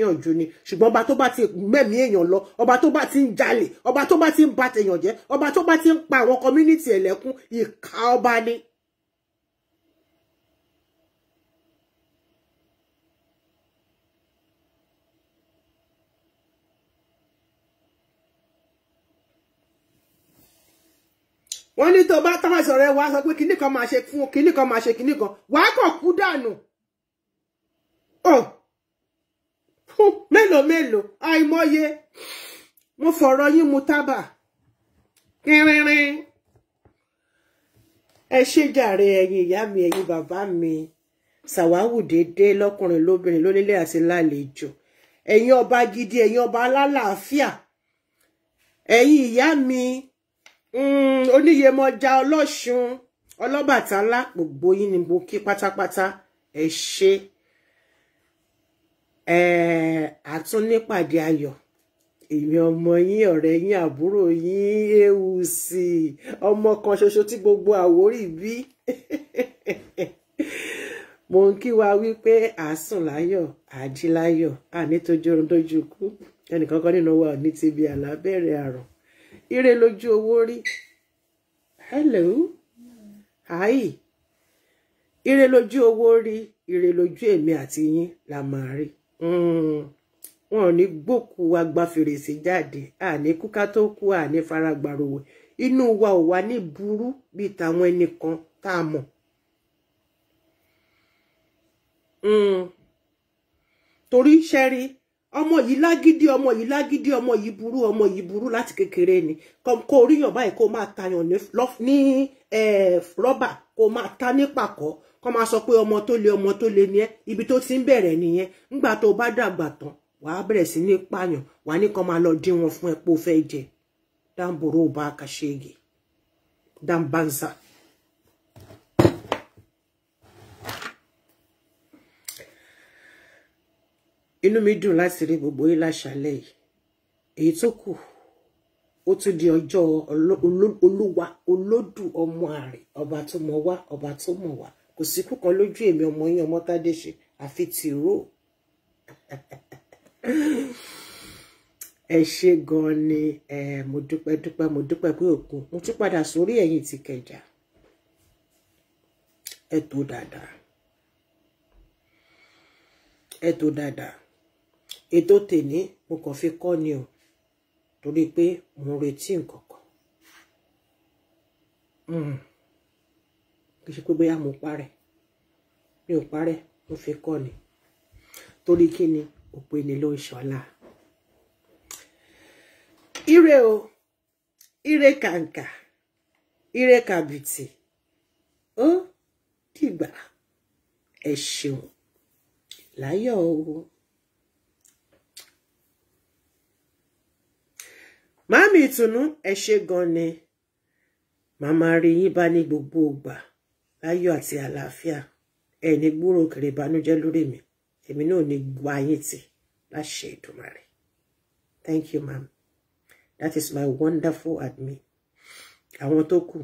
Speaker 1: ṣùgbọ́n ọba tó bá ti mẹ́mí èèyàn lọ ọba tó bá ti ń jalè ọba tó ti ń bà tèèyàn jẹ́ ọba tó ti ń pa community ẹlẹ́kún ìkà ọba ni. wọ́n ní tó bá táwọn ìsọ̀rọ̀ ẹ wá sọ pé kinní kan máa ṣe fún kinní kan máa ṣe kinní kan wàá kàn kú dànù mélòó mélòó àìmọye mo fọ̀rọ̀ yín mu tábà rinrin ẹ ṣe jàre ẹ̀yin ìyá mi ẹ̀yin bàbá mi ṣàwáwù déédéé lọ́kùnrin lóbìnrin lólélé àti lálejò ẹ̀yin ọba gidi ẹ̀yin ọba alálàáfíà ẹ̀yin ìyá mi Mm, oníyèmọjà ọlọ́ṣun ọlọ́bàtálá gbogbo yín ni mo kí pátápátá ẹ ṣe àtún nípàdé ayọ̀ èmi ọmọ yín ọ̀rẹ́ yín àbúrò yín ewu sí ọmọ kan ṣoṣo tí gbogbo Àwórì bí mo ń kí wa wípé àásùn láyọ̀ àjí láyọ̀ àní tójú orun tójú kú ẹnìkankan nínú wa ò ní ti ibi àlábẹ̀rẹ̀ àrùn ire lójú owó rí hello hi ire lójú owó rí ire lójú èmi àti yín la máa rí hmm. wọn ò ní gbòkú agbáfèrèsé jáde àní kúká tó kú àní faragbàròwò inú wa ò wá ní burú bíi tàwọn ẹnìkan tá a mọ̀ hmm. torí ṣẹ́rí ọmọ yìí lágídí ọmọ yìí lágídí ọmọ yìí burú ọmọ yìí burú láti kékeré ni kó oríyàn báyìí kó máa tayàn ní rọ́bà kó máa ta ní pàkọ́ kó máa sọ pé ọmọ tó le ọmọ tó le ni ẹ́ ibi tó ti ń bẹ̀rẹ̀ nìyẹn nígbà tó bá dàgbà tán wàá bẹ̀rẹ̀ sí ní pààyàn wàá ní kó máa lọ dín wọn fún ẹ fẹ́ jẹ dáńbòrò ò bá kàṣẹ́gì inú mi dùn láti rí gbogbo yín láṣálẹ́ yìí èyí tó kù ó tún di ọjọ́ olúwa olódù ọmọ àrè ọba tó mọ wá ọba tó mọ wá kò sí kúkan lójú èmi ọmọ yín ọmọ tádéṣe àfi tìró ẹ ṣe gan ni ẹ mo dúpẹ́ dúpẹ́ mo dúpẹ́ pé òkun mo tún padà sórí ẹ̀yìn ti kẹjà ẹ tó dáadáa ẹ tó dáadáa ètò tèmi mo kàn fi kọ́ ni o torí pé mo ń retí nǹkan kan hmm. kì í ṣe pé bóyá mo parẹ́ mi ò parẹ́ mo fi kọ́ ni torí kí ni òpin ni ló ń ṣọlá ire o ire kàǹkà ire kàbìtì ó dìgbà ẹ ṣeun láyọ̀ o. màámi ìtùnú ẹ ṣe gan ni màmá rí yín bá ní gbogbo ògbà láyọ̀ àti àlàáfíà ẹ ní gbúrò kiri ìbànújẹ́ lórí mi èmi náà ní gba yín tì láṣẹ Èdùmàrè thank you ma'am that is my wonderful admin àwọn tó kù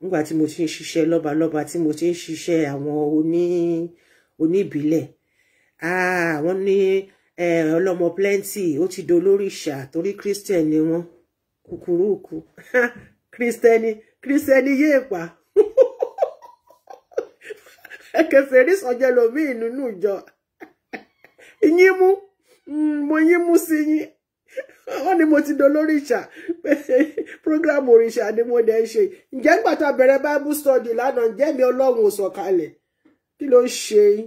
Speaker 1: nígbà tí mo ti ń ṣiṣẹ́ lọ́balọ́ba tí mo ti ń ṣiṣẹ́ àwọn oníbílẹ̀ àwọn ah, ní ọlọ́mọ plenty ó ti dolórí ìṣà torí christian ni wọ́n kúkúrú kú kristẹni kristẹni yéè pa ẹkẹfẹ erísọjẹ lomiin nínú ìjọ yín mú mm, mo yín mú sí yín wọ́n ní mo ti dolórí ìṣà program òrìṣà ni mo dẹ̀ ń ṣe ǹjẹ́ nígbà tá a bẹ̀rẹ̀ bible study lánàá ǹjẹ́ mi ọlọ́run ò sọ̀kalẹ̀ kí ló ń ṣe yín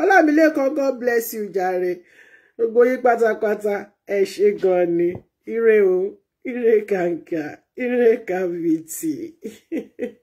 Speaker 1: ọlámilẹ́kan god bless you jàre gbogbo yín pátápátá ẹ ṣe gan ni ire o ire kàǹkà ire kàǹbìtì.